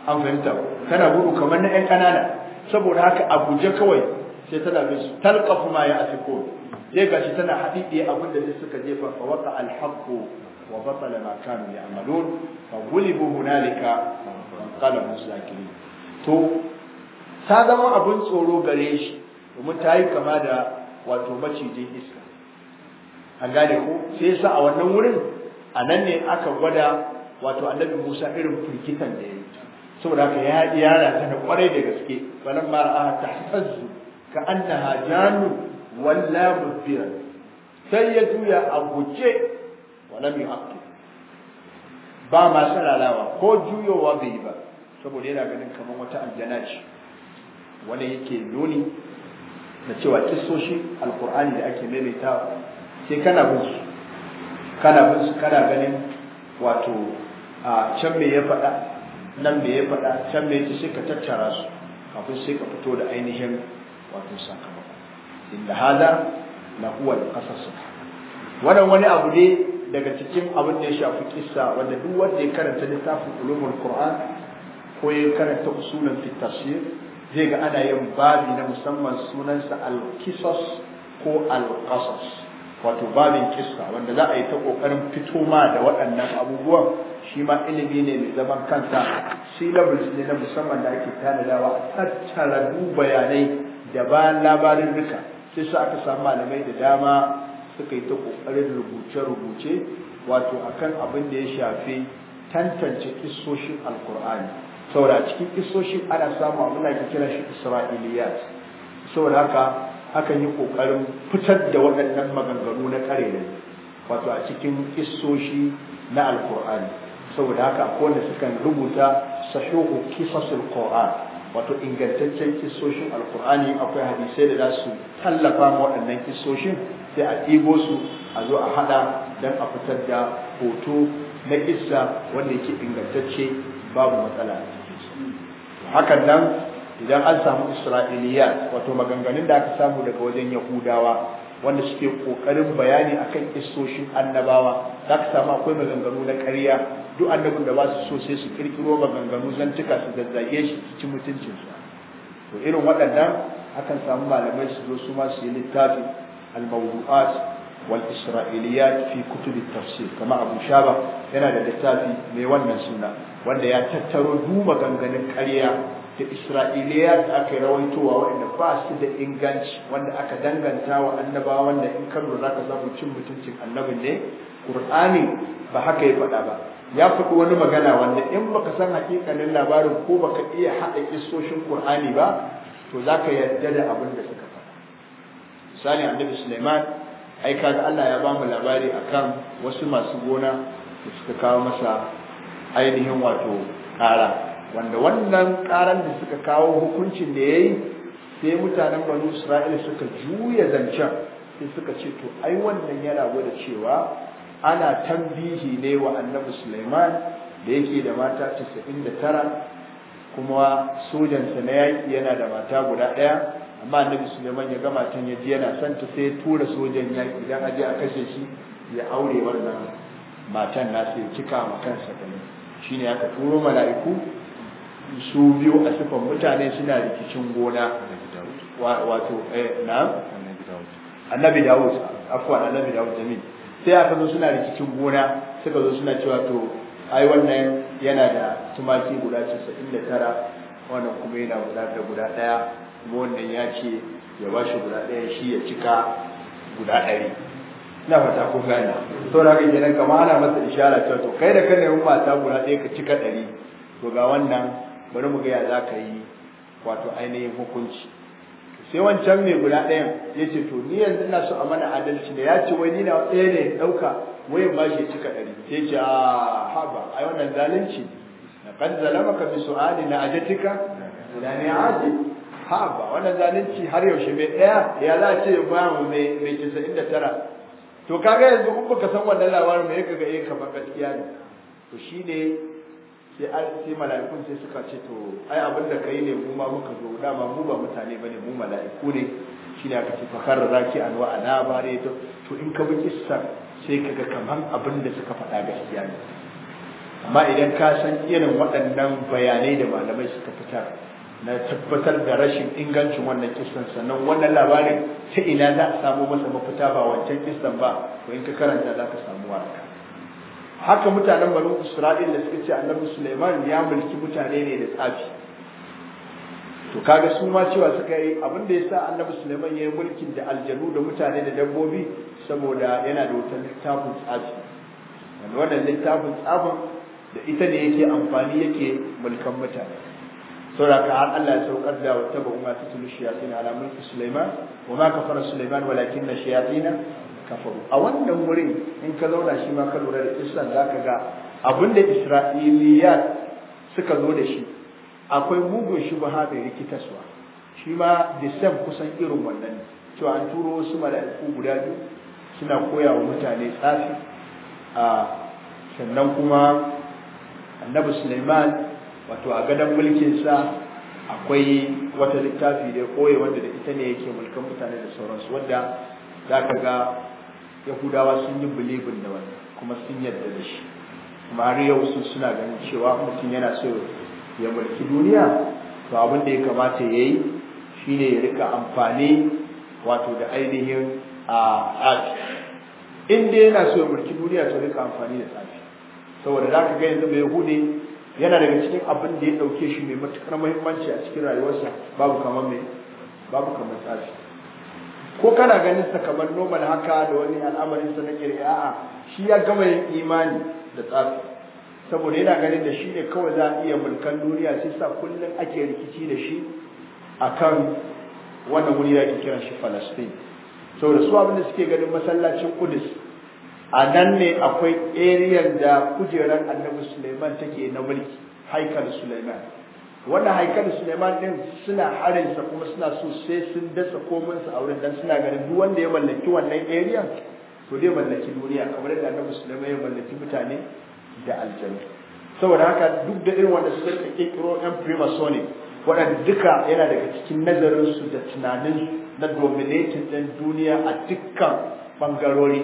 an fahimta tana gudu kamar na 'yan ƙanana saboda haka a guje kawai sai tana bin su talqafu ma ya'tikun sai gashi tana hadidi abin da suka jefa fa waqa al-haqqu wa batala ma kanu ya'malun fa gulibu hunalika qala sakirin to ta zama abin tsoro gare shi domin ta yi kama da wato macijin iska an gane ko sai sa a wannan wurin a nan ne aka gwada wato annabi Musa irin firgitan da ya yi saboda haka ya yara ta da kwarai da gaske a ta tahtazu ka annaha janu walla mudbira sai ya juya a guje wala bi haqqi ba ma alawa ko juyowa bai ba saboda yana ganin kamar wata aljana ce Wani yake nuni da cewa kisoshi alkur'ani da ake maimaita sai kana bin su kana bin su kana ganin wato a can me ya faɗa nan me ya faɗa can me ci sai ka tattara su kafin sai ka fito da ainihin wato sakamako inda hada na huwa al-qasas wannan wani abu ne daga cikin abin da ya shafi kissa wanda duk wanda ya karanta littafin ulumul qur'an ko ya karanta usulun fi tafsir zai ga ana yin babi na musamman sunansa al-qisas ko al-qasas wato babin kista wanda za a yi ta ƙoƙarin fito ma da waɗannan abubuwan shi ma ilimi ne mai zaman kansa shi labar ne na musamman da ake tanadawa a tattara du bayanai da bayan labarin duka sai su aka samu malamai da dama suka yi ta kokarin rubuce-rubuce wato akan abin da ya shafi tantance kistoshin alkur'ani saboda cikin kistoshin ana samu abin da ake kira shi isra'iliyat saboda haka akan yi ƙoƙarin fitar da waɗannan maganganu na ƙare da wato a cikin kisoshi na alkur'ani saboda haka kone wanda sukan rubuta sahihu kisasul qur'an wato ingantaccen kisoshin alkur'ani akwai hadisai da za su tallafa ma waɗannan kisoshin. sai a ɗibo su a zo a haɗa don a fitar da hoto na kissa wanda yake ingantacce babu matsala hakan nan idan an samu isra'iliya wato maganganun da aka samu daga wajen yahudawa wanda suke kokarin bayani akan kissoshin annabawa za ka samu akwai maganganu na ƙarya duk annabin da ba su so sai su kirkiro maganganu zantuka su zazzage shi su ci mutuncinsu to irin waɗannan akan samu malamai su zo su ma su yi littafi al-mawdu'at wal isra'iliyat fi kutub tafsir kama abu shaba yana da littafi mai wannan suna wanda ya tattaro duk maganganun ƙarya da isra'iliya da aka yi rawaitowa waɗanda ba su da inganci wanda aka danganta wa annabawa wanda in ka lura ka cin mutuncin annabin ne qur'ani ba haka ya faɗa ba ya faɗi wani magana wanda in baka san haƙiƙanin labarin ko baka iya haɗa kissoshin qur'ani ba to zaka yarda da abin da suka faɗa misali annabi Sulaiman ai kaga Allah ya ba mu labari akan wasu masu gona da suka kawo masa ainihin wato ƙara wanda wannan karan da suka kawo hukuncin da ya yi sai mutanen banu Isra'ila suka juya zancen sai suka ce to ai wannan yana gwada cewa ana tambihi ne wa Annabi Suleiman da yake da mata da tara. kuma sojansa na yaƙi yana da mata guda ɗaya amma Annabi Suleiman ya gama tun ya ji yana santa ta sai tura sojan yaƙi idan aje a kashe shi ya aure wannan matan nasu ya cika ma kansa gani shine aka turo mala'iku su biyu a sifan mutane suna rikicin gona wato eh, na annabi dawud afwan annabi dawud jamil sai aka zo suna rikicin gona suka zo suna cewa to ai wannan yana da tumaki guda tara wannan kuma yana guda da guda daya kuma wannan ya ce ya ba shi guda daya shi ya cika guda ɗari ina fata ko gane to da kake nan kamar ana masa ishara cewa to kai da kan ne mata guda ɗaya ka cika ɗari to ga wannan bari mu ga ya za ka yi wato ainihin hukunci sai wancan mai guda ɗayan ya ce to ni yanzu ina so a mana adalci ne ya ce wai ni na ɗaya ne ɗauka wayan ba shi ya cika ɗari sai ce a ah, haba ai wannan zalunci na kan zalama ka fi su'ali na ajatika da ne aji haba wannan zalunci har yaushe mai ɗaya ya za a ce ya ba mu mai casa'in da tara to kaga yanzu kuma baka san wannan labarin mai ya kaga eh kamar gaskiya ne to ne sai mala'ikun sai suka ce to ai abin da kai ne mu ma muka zo dama mu ba mutane ba ne mu mala'iku ne shine aka ce fa raki an wa a labarai to to in ka bi kissa sai kaga kamar abin da suka faɗa gaskiya ne amma idan ka san irin waɗannan bayanai da malamai suka fitar na tabbatar da rashin ingancin wannan kistan sannan wannan labarin ta ina za a samu masa mafita ba wancan kistan ba ko in ka karanta za ka samu waraka haka mutanen banu isra'il da suka ce annabi suleiman ya mulki mutane ne da tsafi to kaga su ma cewa suka yi abin da yasa annabi suleiman ya yi mulkin da aljanu da mutane da dabbobi saboda yana da wutar littafin tsafi wannan littafin tsafin da ita ne yake amfani yake mulkan mutane saboda ka har Allah ya saukar da wata ba umma ta tulu shayatin ala mulki suleiman wa ma kafara suleiman walakin shayatina kafaru a wannan wurin in ka zauna shi ma ka lura da islam za ka ga abin da suka zo da shi akwai mugun ba mai rikitaswa shi ma da kusan irin wannan to an turo wasu mala'iku guda biyu suna koya wa mutane tsafi a sannan kuma annabi suleiman wato a gadon mulkinsa akwai wata littafi da ya koya wanda da ita ne yake mulkan mutane da sauransu wanda za ka ga yahudawa sun yi bilibin da wani, kuma sun yarda da shi kuma har yau sun, suna ganin cewa mutum yana so ya mulki duniya to abin da ya kamata ya yi shine ya rika amfani wato da ainihin a tsafi in dai yana so ya mulki duniya to rika amfani da tsafi saboda za ka ga yanzu mai hude yana daga cikin abin da ya ɗauke shi mai matuƙar muhimmanci a cikin rayuwarsa babu kamar mai babu kamar tsafi ko kana ganin sa kamar normal haka da wani al'amarin sa na kirki a'a shi ya gama yin imani da tsafi saboda yana ganin da shi ne kawai za a iya mulkan duniya sai sa kullum ake rikici da shi akan wannan wuri da ake kiran shi Falastin. saboda su abin da suke ganin masallacin Kudus a nan ne akwai eriyar da kujerar Annabi Suleiman take na mulki haikal Suleiman wannan haikali Suleiman din suna harinsa kuma suna so sai sun dasa komansa a wurin dan suna ganin duk wanda ya mallaki wannan area to dai mallaki duniya kamar yadda Annabi Suleiman ya mallaki mutane da aljanu saboda haka duk da irin wanda suka kiro ɗan freemasonic waɗanda duka yana daga cikin nazarinsu da tunanin na dominating din duniya a dukkan bangarori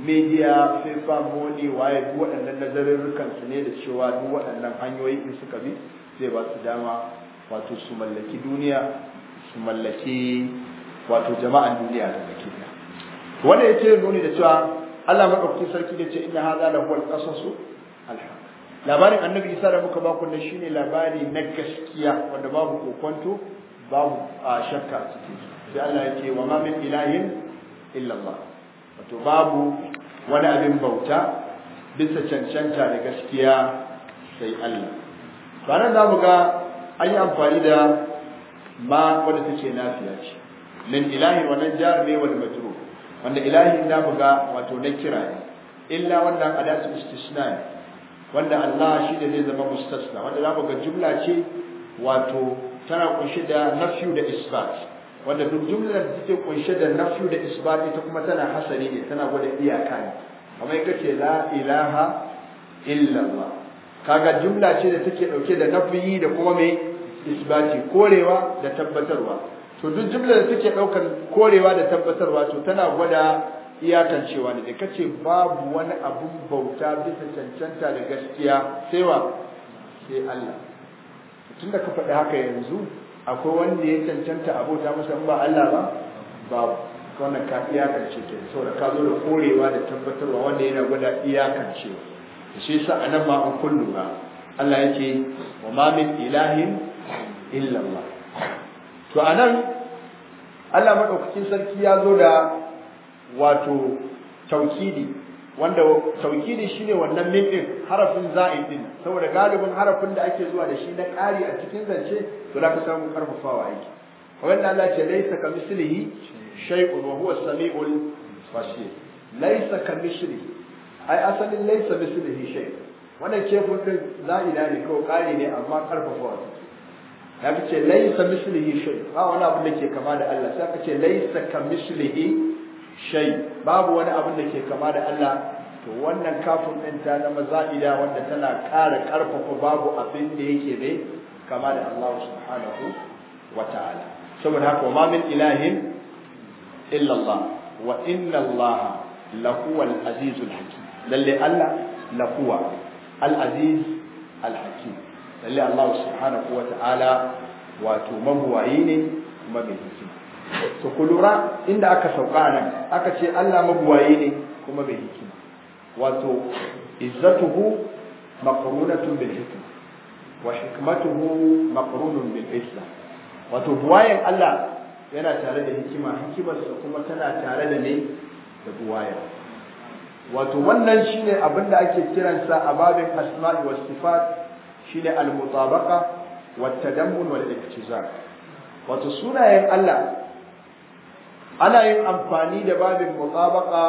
media paper money waye duk waɗannan nazarin su ne da cewa duk waɗannan hanyoyi in suka bi zai ba su dama wato su mallaki duniya su mallaki wato jama'an duniya da baki da wanda ce nuni da cewa Allah madaukakin sarki da ce inna hadha la huwal qasasu labarin annabi Isa da muka baku ne shine labari na gaskiya wanda babu kokonto babu shakka sai Allah ya ce wa ma min ilahin illa Allah wato babu wani abin bauta bisa cancanta da gaskiya sai Allah ba nan za mu ga an yi amfani da ma wanda ta ce nafiya ce lin ilahi wannan jar ne wal majrur wanda ilahi na mu ga wato na kira ne illa wannan adatu istisna ne wanda Allah shi da zai zama mustasna wanda za mu ga jumla ce wato tana kunshe da nafiyu da isbat wanda duk jumlar da take kunshe da nafiyu da isbat ita kuma tana hasari ne tana gwada iyaka ne kamar yake la ilaha illallah kaga jumla ce da take dauke da naf'i da kuma mai isbati korewa da tabbatarwa to duk jumla da take daukar korewa da tabbatarwa to tana gwada iyakan cewa ne kace babu wani abun bauta bisa cancanta da gaskiya sai wa sai Allah tunda ka faɗi haka yanzu akwai wanda ya cancanta abota masa ba Allah ba babu wannan ka iyakance ke saboda ka zo da korewa da tabbatarwa wanda yana gwada cewa. shi yasa anan ma an kullu ba Allah yake wa ma min ilahin illa Allah to anan Allah madaukakin sarki ya zo da wato taukidi wanda taukidi shine wannan min harafin za'id din saboda galibin harafin da ake zuwa da shi na ƙari a cikin zance to za ka samu karfafawa aiki. wanda Allah ce laisa ka mislihi shay'un wa huwa samiul basir laisa ka ai asalin laisa mislihi shay wannan kefin din za'ida ne kawai kare ne amma karfafa wani ya fi ce laisa mislihi shay ba wani abin da ke kama da Allah sai aka ce laisa ka mislihi shay babu wani abin da ke kama da Allah to wannan kafin din ta zama za'ida wanda tana kara karfafa babu abin da yake bai kama da Allah subhanahu wa ta'ala saboda haka ma min ilahin illallah. wa inna Allaha lahuwal azizul hakim lalle Allah na kuwa al'aziz, al-hakim lalle Allah subhanahu wa ta'ala wato mabuwayi ne kuma mai hikima to kulura inda aka sauka nan aka ce Allah mabuwayi ne kuma mai hikima wato izzatuhu maqrunatun bil hikma wa hikmatuhu maqrunun bil izza wato buwayen Allah yana tare da hikima hikimarsa kuma tana tare da ne da buwayen wato wannan shine abin da ake kiransa a babin asma'i was sifat shine al-mutabaqa wat tadammun wal iktizab wato sunayen Allah ana yin amfani da babin mutabaqa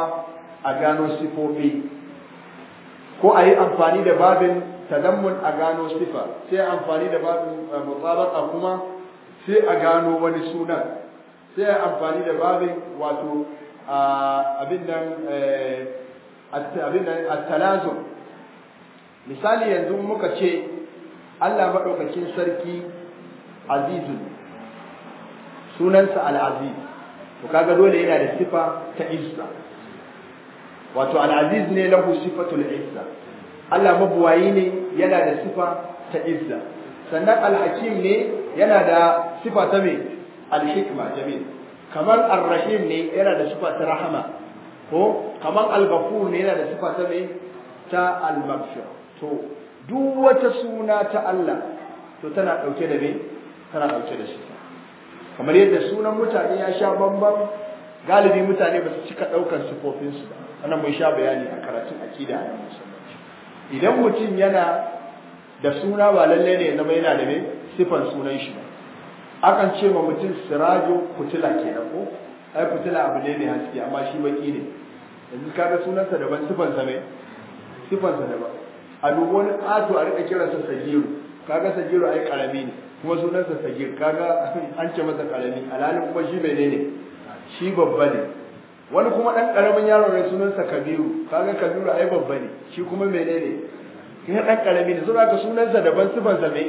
a gano sifofi ko a yi amfani da babin tadammun a gano sifa sai amfani da babin eh, mutabaqa kuma sai a gano wani sunan sai amfani da babin wato ah, abin nan eh, at-talazu misali yanzu muka ce Allah madaukakin sarki azizun sunansa al-aziz to kaga dole yana da sifa ta izza wato al-aziz ne lahu sifatul izza Allah mabuwayi ne yana da sifa ta izza sannan al ne yana da sifa ta mai alhikma hikma jamil kamar al rahim ne yana da sifa ta rahama ko kamar al ne yana da sifa ta mai ta al to duk wata suna ta Allah to tana dauke da me tana dauke da shi kamar yadda sunan mutane ya sha bamban galibi mutane ba su cika daukar sifofin su ba ana mai sha bayani a karatun akida idan mutum yana da suna ba lalle ne zama yana da me sifan sunan shi ba akan ce ma mutum sirajo kutila kenan ko ai fitila abu ne ne haske amma shi baki ne yanzu kaga sunansa daban sifansa ne. sifansa daban a duk wani ato a rika sa sagiru kaga sagiru ai karami ne kuma sunansa sagir kaga an ce masa karami alalin kuma shi menene shi babba ne wani kuma dan karamin yaro ne sunansa kabiru kaga kabiru ai babba ne shi kuma menene kai dan karami ne saboda ka sunansa daban sifansa ne.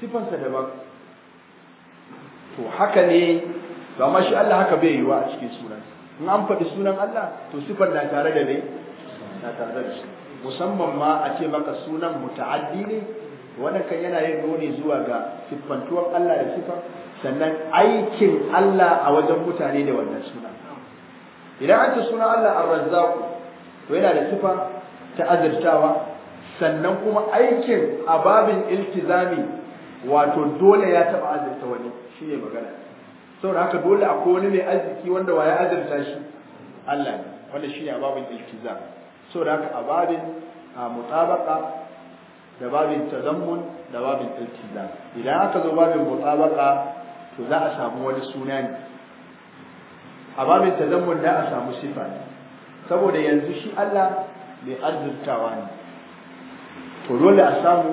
sifansa daban to haka ne to amma shi Allah haka bai yi wa a cikin sunan in an faɗi sunan Allah to sifar na tare da ne na tare da shi musamman ma a ce maka sunan muta'addi ne wannan kan yana yin nuni zuwa ga siffantuwar Allah da sifar sannan aikin Allah a wajen mutane da wannan sunan idan an ce sunan Allah ar-razzaq to yana da sifa ta azirtawa sannan kuma aikin ababin iltizami wato dole ya taba azurta wani shine magana saboda haka dole a wani mai arziki wanda ya azarta shi Allah ne wanda shi ne babin iltiza saboda haka a babin mutabaka da babin tazammun da babin iltiza idan aka zo babin mutabaka to za a samu wani suna ne a babin tazammun da a samu sifa saboda yanzu shi Allah mai azurtawa ne to dole a samu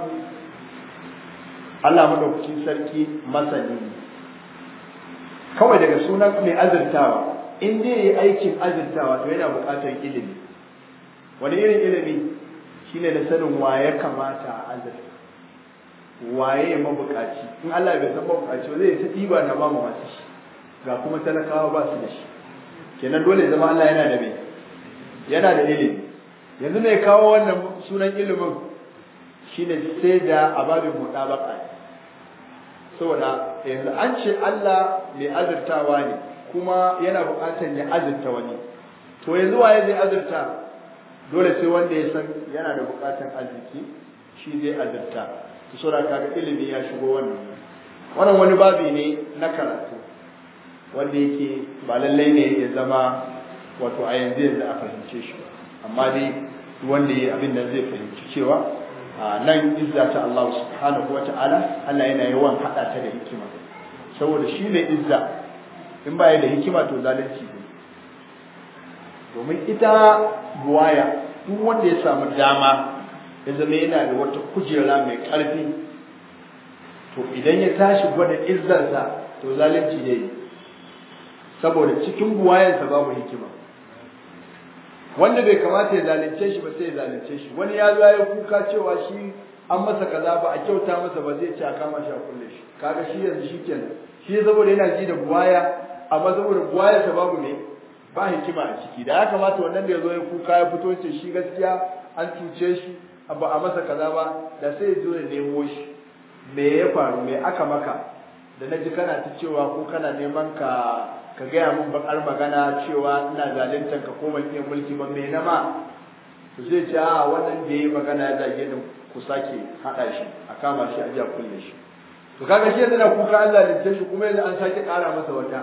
Allah madaukakin sarki masani ne kawai daga sunan mai azurtawa in dai yi aikin azurtawa to yana buƙatar ilimi wani irin ilimi shine na sanin wa ya kamata a azurta waye mabukaci in Allah bai san mabukaci zai ta diba na ba mu masu shi ga kuma talakawa ba su da shi kenan dole zama Allah yana da mai yana da ilimi yanzu mai kawo wannan sunan ilimin shine sai da ababin mudabaka saboda yanzu an ce Allah mai azurtawa ne kuma yana buƙatar ya azurta wani to yanzu waye zai azurta dole sai wanda ya san yana da buƙatar arziki shi zai azurta to saboda kaga ilimi ya shigo wannan wannan wani babi ne na karatu wanda yake ba lallai ne ya zama wato a yanzu yanzu a fahimce shi amma dai wanda ya abin da zai fahimci cewa nan ah, izza ta Allah subhanahu wa ta'ala Allah yana yawan hada ta da hikima saboda shi ne izza in ba da hikima to zalunci ne domin ita buwaya duk wanda ya samu dama ya zama yana da wata kujera mai ƙarfi, to idan ya tashi gwada izzarsa to zalunci ne saboda cikin buwayansa babu hikima wanda bai kamata ya zalunce shi ba sai ya zalunce shi wani ya zo ya kuka cewa shi an masa kaza ba a kyauta masa ba zai ci a kama shi a kulle shi kaga shi yanzu shi ke shi saboda yana ji da buwaya amma saboda buwaya sa babu ne ba hikima a ciki da ya kamata wannan da ya zo ya kuka ya fito ce shi gaskiya an cuce shi ba a masa kaza ba da sai ya zo ya nemo shi me ya faru me aka maka da na ji kana ta cewa ko kana neman ka ka gaya mun bakar magana cewa ina zaluntar ka koma iya mulki ba mai na ma to zai ce a wannan da ya yi magana ya zage ni ku sake hada shi a kama shi a ji a kulle shi to kaga shi yana kuka an zalunce shi kuma yanzu an sake kara masa wata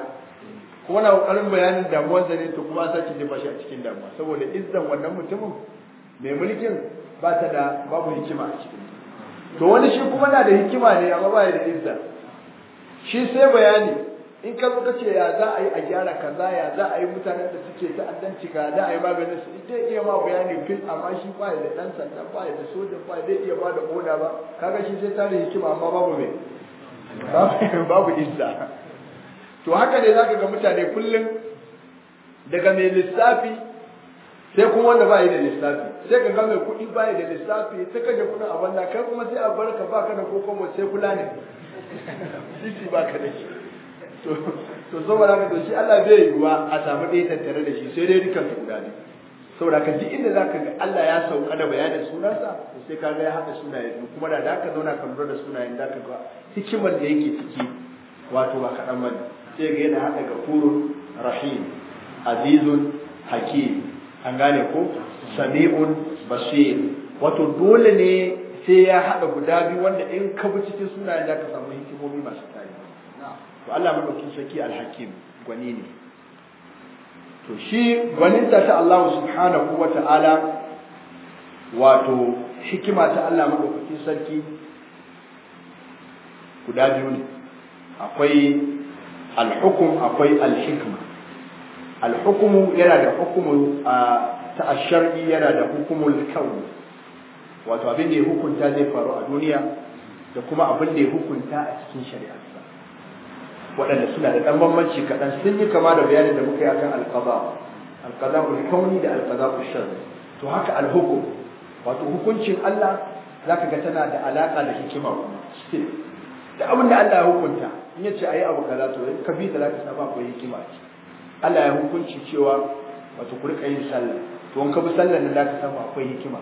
kuma na kokarin bayanin damuwar da ne to kuma an sake jefa shi a cikin damuwa saboda izzan wannan mutumin mai mulkin ba ta da babu hikima a cikin to wani shi kuma na da hikima ne amma ba ya da izza shi sai bayani in ka zo kace ya za a yi a gyara kaza ya za a yi mutanen da suke ta'addanci ka da a yi maganin su idan iya ma bayani fil amma shi ba da dan sanda ba da soja ba zai iya ba da boda ba kaga shi sai tare hikima amma babu me babu izza to haka ne zaka ga mutane kullum daga mai lissafi sai kuma wanda ba yi da lissafi sai ka ga mai kuɗi ba yi da lissafi sai ka je kuna a banda kai kuma sai a barka ba ka da kokomo sai kula ne sisi ka da shi to so haka ka shi Allah bai yi ruwa a samu ɗaya tattare da shi sai dai dukan su guda ne saboda ka ji inda zaka ga Allah ya sauka da bayanin sunansa to sai ka ga ya haɗa sunaye biyu kuma da zaka zauna ka lura da sunayen da ka ga hikimar da yake ciki wato ba kaɗan ne. sai ga yana haɗa gafurun rahim azizun hakim an gane ko sami'un basir wato dole ne sai ya haɗa guda biyu wanda in ka bi cikin sunayen zaka samu hikimomi masu tarihi to Allah madaukin sarki alhakim gwani ne to shi gwaninta ta Allah subhanahu wa ta'ala wato hikima ta Allah madaukakin sarki guda biyu ne akwai alhukum akwai alhikma alhukumu yana da hukumu ta ashar'i yana da hukumul kauni wato abin da ya hukunta zai faru a duniya da kuma abin da ya hukunta a cikin shari'a waɗanda suna da ɗan bambanci kaɗan sun yi kama da bayanin da muka yi akan alƙaza alƙaza kauni da alƙaza shar to haka alhukum wato hukuncin Allah zaka ga tana da alaƙa da hikima kuma still da abin da Allah ya hukunta in ya ce a yi abu kaza to ka bi da zaka samu akwai hikima ce Allah ya hukunci cewa wato ku riƙa yin sallah to in ka bi sallar nan zaka samu akwai hikima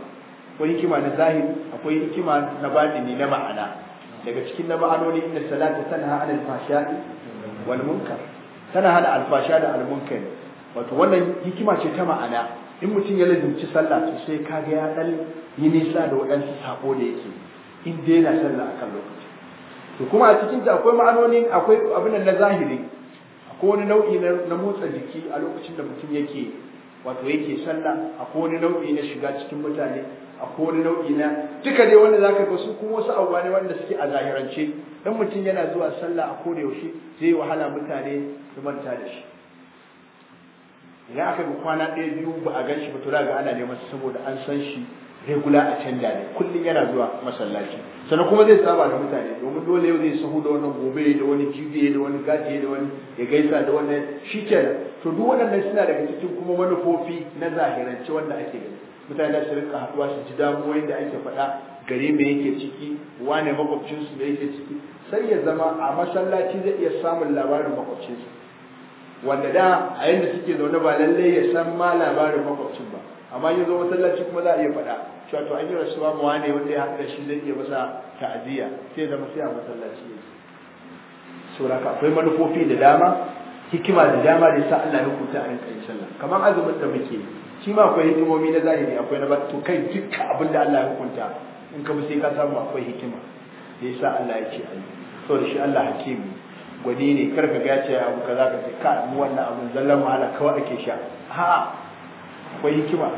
akwai hikima na zahiri akwai hikima na batini na ma'ana daga cikin na ma'anoni inna salata tanha anil fahsha'i wal munkar tana hana alfasha da munkar wato wannan hikima ce ta ma'ana in mutum ya lazimci sallah to sai kaga ya dan yi nisa da waɗansu sako da yake in dai na sallah akan lokaci to kuma a cikin ta akwai ma'anoni akwai abin na zahiri akwai wani nau'i na motsa jiki a lokacin da mutum yake wato yake sallah akwai wani nau'i na shiga cikin mutane akwai wani nau'i na duka dai wanda zaka ga su kuma wasu abubuwa ne wanda suke a zahirance dan mutum yana zuwa sallah a koda yaushe zai yi wahala mutane su manta da shi idan aka bi kwana ɗaya biyu ba a gan shi ba to za ga ana neman su saboda an san shi regula a canja ne kullum yana zuwa masallaci sannan kuma zai saba da mutane domin dole yau zai sahu da wannan gobe da wani jibiye da wani gaji da wani ya gaisa da wannan kenan to duk waɗannan suna daga cikin kuma manufofi na zahirance wanda ake gani mutane su rinka haɗuwa su ji damuwoyin da ake faɗa gari me yake ciki wane makwabcinsu da yake ciki sai ya zama a masallaci zai iya samun labarin makwabcinsu wanda da a yadda suke zaune ba lallai ya san ma labarin makwabcin ba amma yin zo masallaci kuma za a iya faɗa cewa to an yi rasuwa mu wane wanda ya haɗu da shi zai iya masa ta'aziyya sai zama sai a masallaci ne ka akwai manufofi da dama hikima da dama da sa Allah ya hukunta a rinka yin sallah kamar azumin da muke yi shi ma akwai hikimomi na zahiri akwai na to kai dukkan abin da Allah ya hukunta in ka bi sai ka samu akwai hikima da yasa Allah ya ce so da shi Allah hakimi gwani ne kar ka ga ce abu kaza ka ce ka mu wannan abun zallan wahala kawai ake sha ha akwai hikima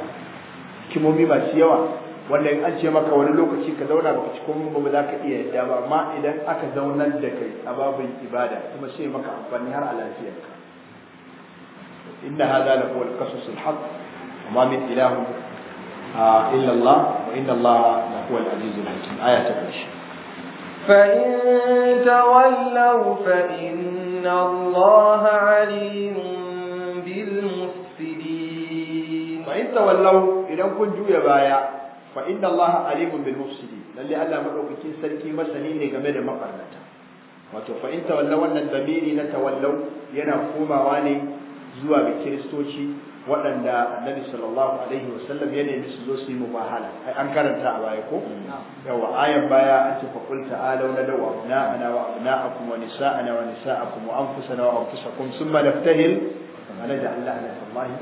hikimomi masu yawa wanda in an ce maka wani lokaci ka zauna baka ci komai ba za ka iya yadda ba amma idan aka zaunar da kai a babin ibada kuma sai maka amfani har a lafiyarka inna hadha lahu al-qasas al وما من إله إلا الله وإن الله هو العزيز الحكيم آية تقرش فإن تولوا فإن الله عليم بالمفسدين فإن تولوا إذا كنت يا بايا فإن الله عليم بالمفسدين للي ألا مدعوكين سلكي مسنين جميل مقرنة wato fa in tawallaw wannan damiri na tawallaw yana komawa ne zuwa ga kiristoci waɗanda annabi sallallahu alaihi wasallam ya nemi su zo su yi mubahala ai an karanta a baya ko yawa ayan baya an ce fa qul ta'alu na dawa na ana wa abna'akum wa nisa'ana wa nisa'akum wa anfusana wa anfusakum thumma naftahil fa naj'al la'natallahi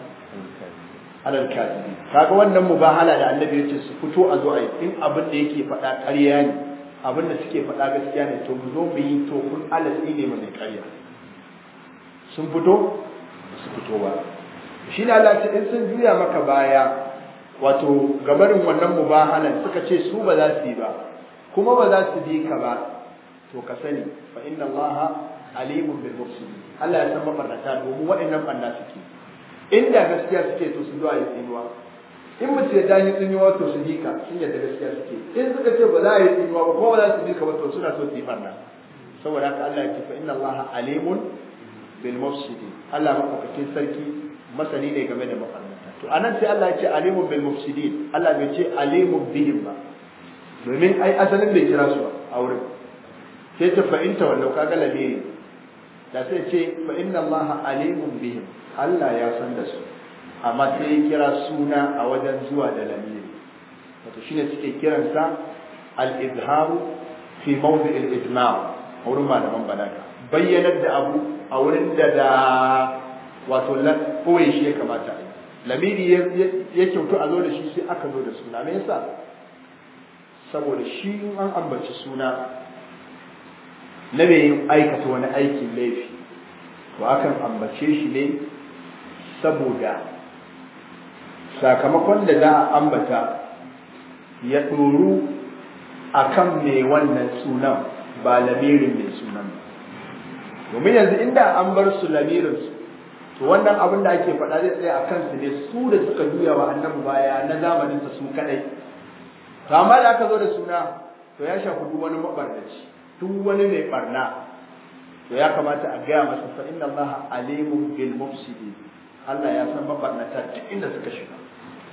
ala al-kadhibin kaga wannan mubahala da annabi yace su fito a zo ai in abin da yake faɗa ƙarya ne abin da suke faɗa gaskiya ne to mu zo mu yi to kun alasi ne mai ƙarya sun fito su fito ba shi na Allah in sun juya maka baya wato gabarin wannan mubahalan suka ce su ba za su yi ba kuma ba za su bi ka ba to ka sani fa inna Allah alimun bil mufsidin Allah ya san mabarnata domin waɗannan banda suke inda gaskiya suke to su zuwa yi tsinuwa in mutum ya yi tsinuwa to su bi ka sun yadda gaskiya suke in suka ce ba za a yi tsinuwa ba ko ba za su bi ka ba to suna so su yi barna saboda haka Allah ya ce fa inna Allah alimun bil mufsidin Allah mafakin sarki masani ne game da mafarnata to anan sai Allah ya ce alimun bil mufsidin Allah bai ce alimun bihim ba domin ai asalin bai kira su a wurin sai ta fa inta kaga lamiri da sai ce fa inna Allah alimun bihim Allah ya san da su amma sai ya kira suna a wajen zuwa da lamiri wato shine suke kiransa al-izharu fi mawdi' al-ijma' wurin malaman banaka. bayyanar da abu a wurin da da wato koye shi ya kamata a yi lamiri ya kyautu a zo da shi sai aka zo da suna me yasa saboda shi an ambaci suna na mai yin aikata wani aikin laifi to akan ambace shi ne saboda sakamakon da za a ambata ya ɗoru a kan mai wannan sunan ba lamirin mai sunan domin yanzu inda an bar su lamirinsu to wannan abin da ake faɗa zai tsaye a kansu ne su da suka juya wa annabi baya na zamanin su sun kadai to amma da aka zo da suna to ya shafi duk wani mabarnaci duk wani mai barna to ya kamata a gaya masa fa inna Allah alimun bil mufsidin Allah ya san mabarnata duk inda suka shiga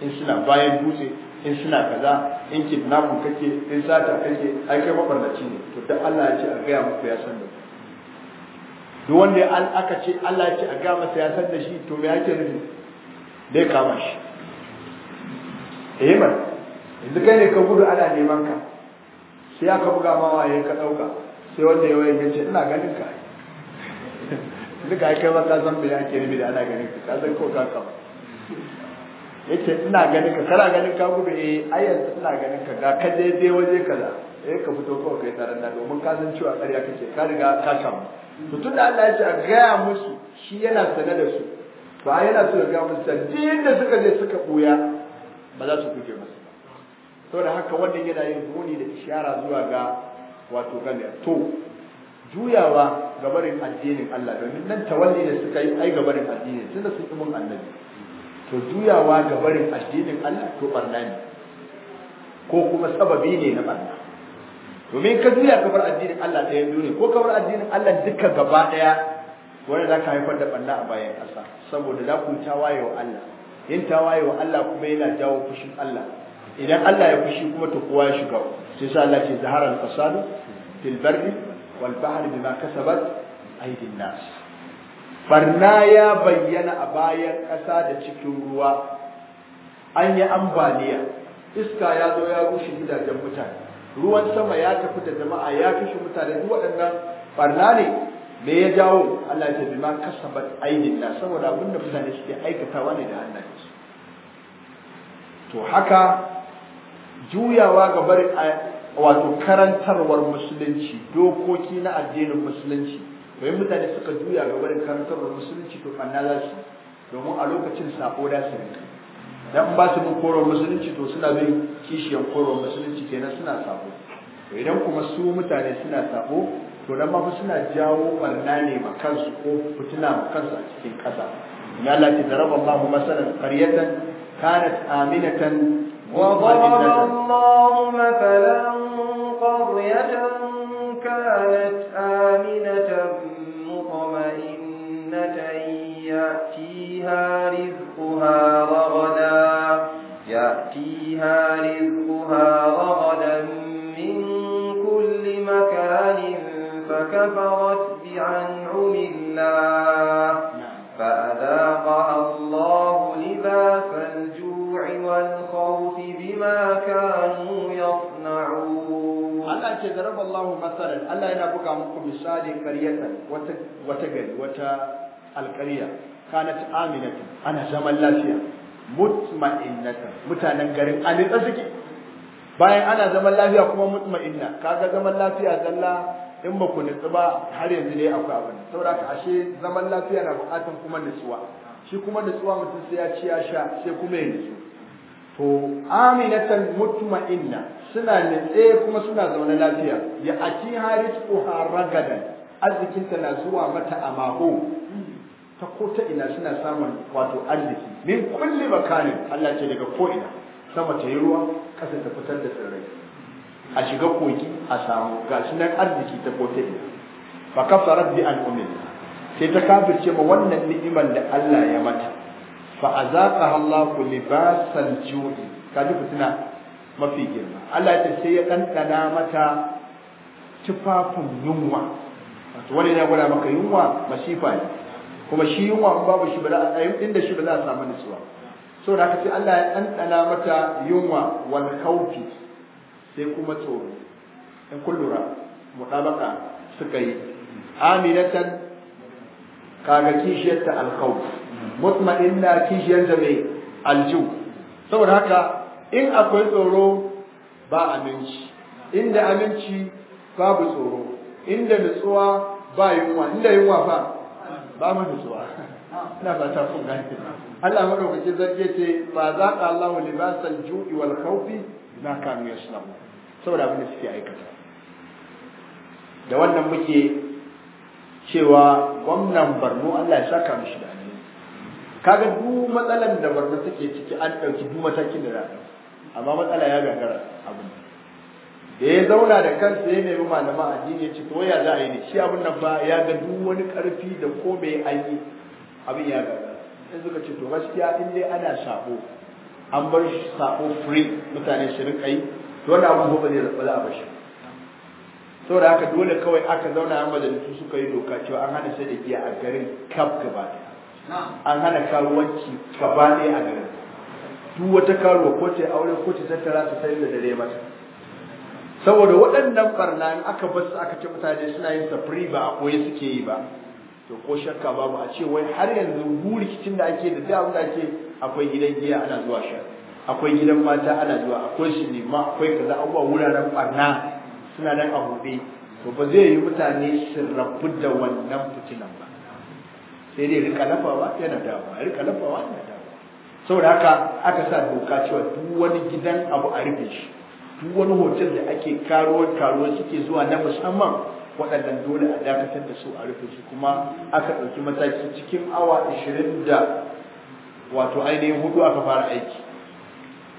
in suna bayan dutse in suna kaza in kidnapping kake in sata kake ai kai mabarnaci ne to duk Allah ya ce a gaya muku ya san da ku duk wanda aka ce Allah ya ce a gama sai ya san da shi to me yake nufi dai kama shi eh man yanzu kai ne ka gudu ana neman ka sai aka buga ma waye ka dauka sai wanda ya waye yace ina ganin ka duka kai kai ba ka san me yake nufi da ana ganin ka ka san ko ka kama yace ina ganin ka kana ganin ka gudu eh ai ina ganin ka ga ka je dai waje kaza eh ka fito kawai kai taron da domin ka san cewa ƙarya kake ka riga ka samu to tun da Allah ya ce a gaya musu shi yana sane da su ba yana so ya gaya musu da da suka je suka buya ba za su kuke masu ba saboda haka wannan yana yin buni da ishara zuwa ga wato gane to juyawa gabarin addinin Allah domin nan tawalli da suka yi ai gabarin addini tunda sun yi mun annabi to juyawa gabarin addinin Allah to barna ne ko kuma sababi ne na barna domin ka juya ka bar addinin Allah ɗaya biyu ne ko ka bar addinin Allah duka gaba ɗaya wanda za ka haifar da ɓanna a bayan ƙasa saboda za ku tawaye wa Allah yin tawaye wa Allah kuma yana jawo fushin Allah idan Allah ya fushi kuma ta kowa ya shiga sai sa Allah ce zaharar al-fasadu fil barri wal bahri bima kasabat aydin nas barna ya bayyana a bayan ƙasa da cikin ruwa an yi ambaliya iska ya zo ya rushe gidajen mutane ruwan sama ya tafi da jama'a ya kashe mutane duk waɗannan barna ne me ya jawo Allah ya tabi ma kasabat ainin na saboda abinda mutane suke aikatawa ne da hannayensu to haka juyawa ga bari wato karantarwar musulunci dokoki na addinin musulunci bayan mutane suka juya ga barin karantarwar musulunci to kanna za domin a lokacin sabo da su dan ba su mun koron musulunci to suna bin kishiyan koyarwar musulunci kenan suna sabo idan kuma su mutane suna sabo to nan ma fa suna jawo barna ne ma kansu ko fitina ma kansu a cikin ƙasa ya lati da raba Allahu masalan qaryatan kanat aminatan wa Allahu mathalan qaryatan kanat aminatan mutma'innatan yatiha rizquha فيها رزقها رغدا من كل مكان فكفرت بأنعم الله فأذاقها الله لباس الجوع والخوف بما كانوا يصنعون الله تجرب الله مثلا الله ينبقى مكم مثال قرية وتقل وت القرية كانت آمنة أنا زمن لا فيها mutma'innatan mutanen garin a nitsa suke bayan ana zaman lafiya kuma mutma'inna kaga zaman lafiya zalla in ba ku nitsu ba har yanzu ne akwai abin saboda ka ashe zaman lafiya na bukatan kuma nutsuwa shi kuma nutsuwa mutum sai ya ci ya sha sai kuma ya nitsu to aminatan mutma'inna suna nitse kuma suna zaune lafiya ya ati harit ko haragadan arzikinta na zuwa mata a maho ta ko ta ina suna samun wato arziki min kulli makanin Allah ce daga ko ina sama ta yi ruwa kasa ta fitar da tsirrai a shiga kogi a samu ga sunan nan arziki ta ko ta ina fa kafara bi an sai ta kafirce ma wannan ni'imar da Allah ya mata fa azaqaha Allah libasal ju'i kaji fitina mafi girma Allah ya sai ya ɗanɗana mata tufafin yunwa wato wani ya gwada maka yunwa masifa ne kuma shi yunwa babu shi ba za a inda shi ba za a samu nutsuwa so da kace Allah ya ɗanɗana mata yunwa wal khawfi sai kuma tsoro in kun lura mutabaka suka yi aminatan kaga kishiyarta al khawf kishiyar kishiyarta mai alju saboda haka in akwai tsoro ba aminci inda aminci babu tsoro inda nutsuwa ba yunwa inda yunwa ba ba mu nutsuwa ina ba ta kun gani Allah madaukakin zarge ce ba za ka Allahu libasal ju'i wal khawfi na kanu yaslamu saboda abin da suke aikata da wannan muke cewa gwamnan barno Allah ya saka mishi da ne kaga duk matsalan da barno take ciki an dauki du matakin da za amma matsala ya gagara abin da ya zauna da kansa ya nemi a addini ya ce to ya za a yi ne shi abin nan ba ya ga duk wani karfi da ko mai an yi abin ya ga in suka ce to gaskiya in dai ana sabo an bar sabo free mutane su rinka yi to wannan abin gobe zai da za ba shi shi saboda haka dole kawai aka zauna an majalisu suka yi doka cewa an hana sai da giya a garin kaf gaba an hana karuwanci gaba ɗaya a garin duk wata karuwa ko ce aure ko ta tattara ta sai da dare mata saboda waɗannan barna in aka bar su aka ce mutane suna yin safari ba a yi suke yi ba to ko shakka babu a ce wai har yanzu burikicin da ake da dawun da ake akwai gidan giya ana zuwa sha akwai gidan mata ana zuwa akwai shi ma akwai kaza abubuwa wuraren barna suna nan a buɗe to ba zai yi mutane su rabu da wannan fitinan ba sai dai rika lafawa yana dawowa rika lafawa yana dawowa saboda haka aka sa doka cewa duk wani gidan abu a rufe shi duk wani hotel da ake karuwar karuwa suke zuwa na musamman waɗannan dole a dakatar da su a rufe su kuma aka ɗauki mataki cikin awa ashirin da wato ainihin hudu aka fara aiki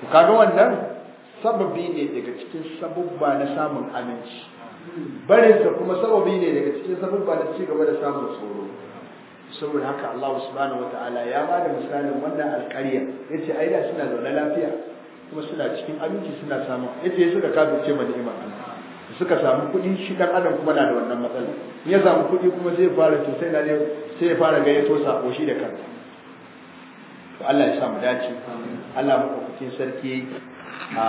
ku kaga wannan sababi ne daga cikin sabubba na samun aminci barinsa kuma sababi ne daga cikin sabubba na ci gaba da samun tsoro saboda haka Allah subhanahu wataala ya ba da misalin wannan alƙarya yace aida suna zaune lafiya kuma suna cikin aminci suna samun ya suka kafirce ma ni'imar Allah suka samu kuɗi shi dan adam kuma na da wannan matsala ya samu kuɗi kuma zai fara to sai ne sai ya fara to sako shi da kansa to Allah ya sa mu dace Allah mu kokin sarki a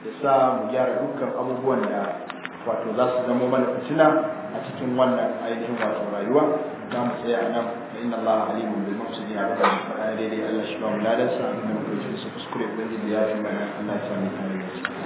ya sa mu gyara dukkan abubuwan da wato za su zama mana fitina a cikin wannan ainihin wato rayuwa za mu tsaya a nan فإن الله عليم بالمفسدين على قدر آله ألا شبه لا لسا إنما كل شيء سكسكري بلدي بياجمع الناس من هذا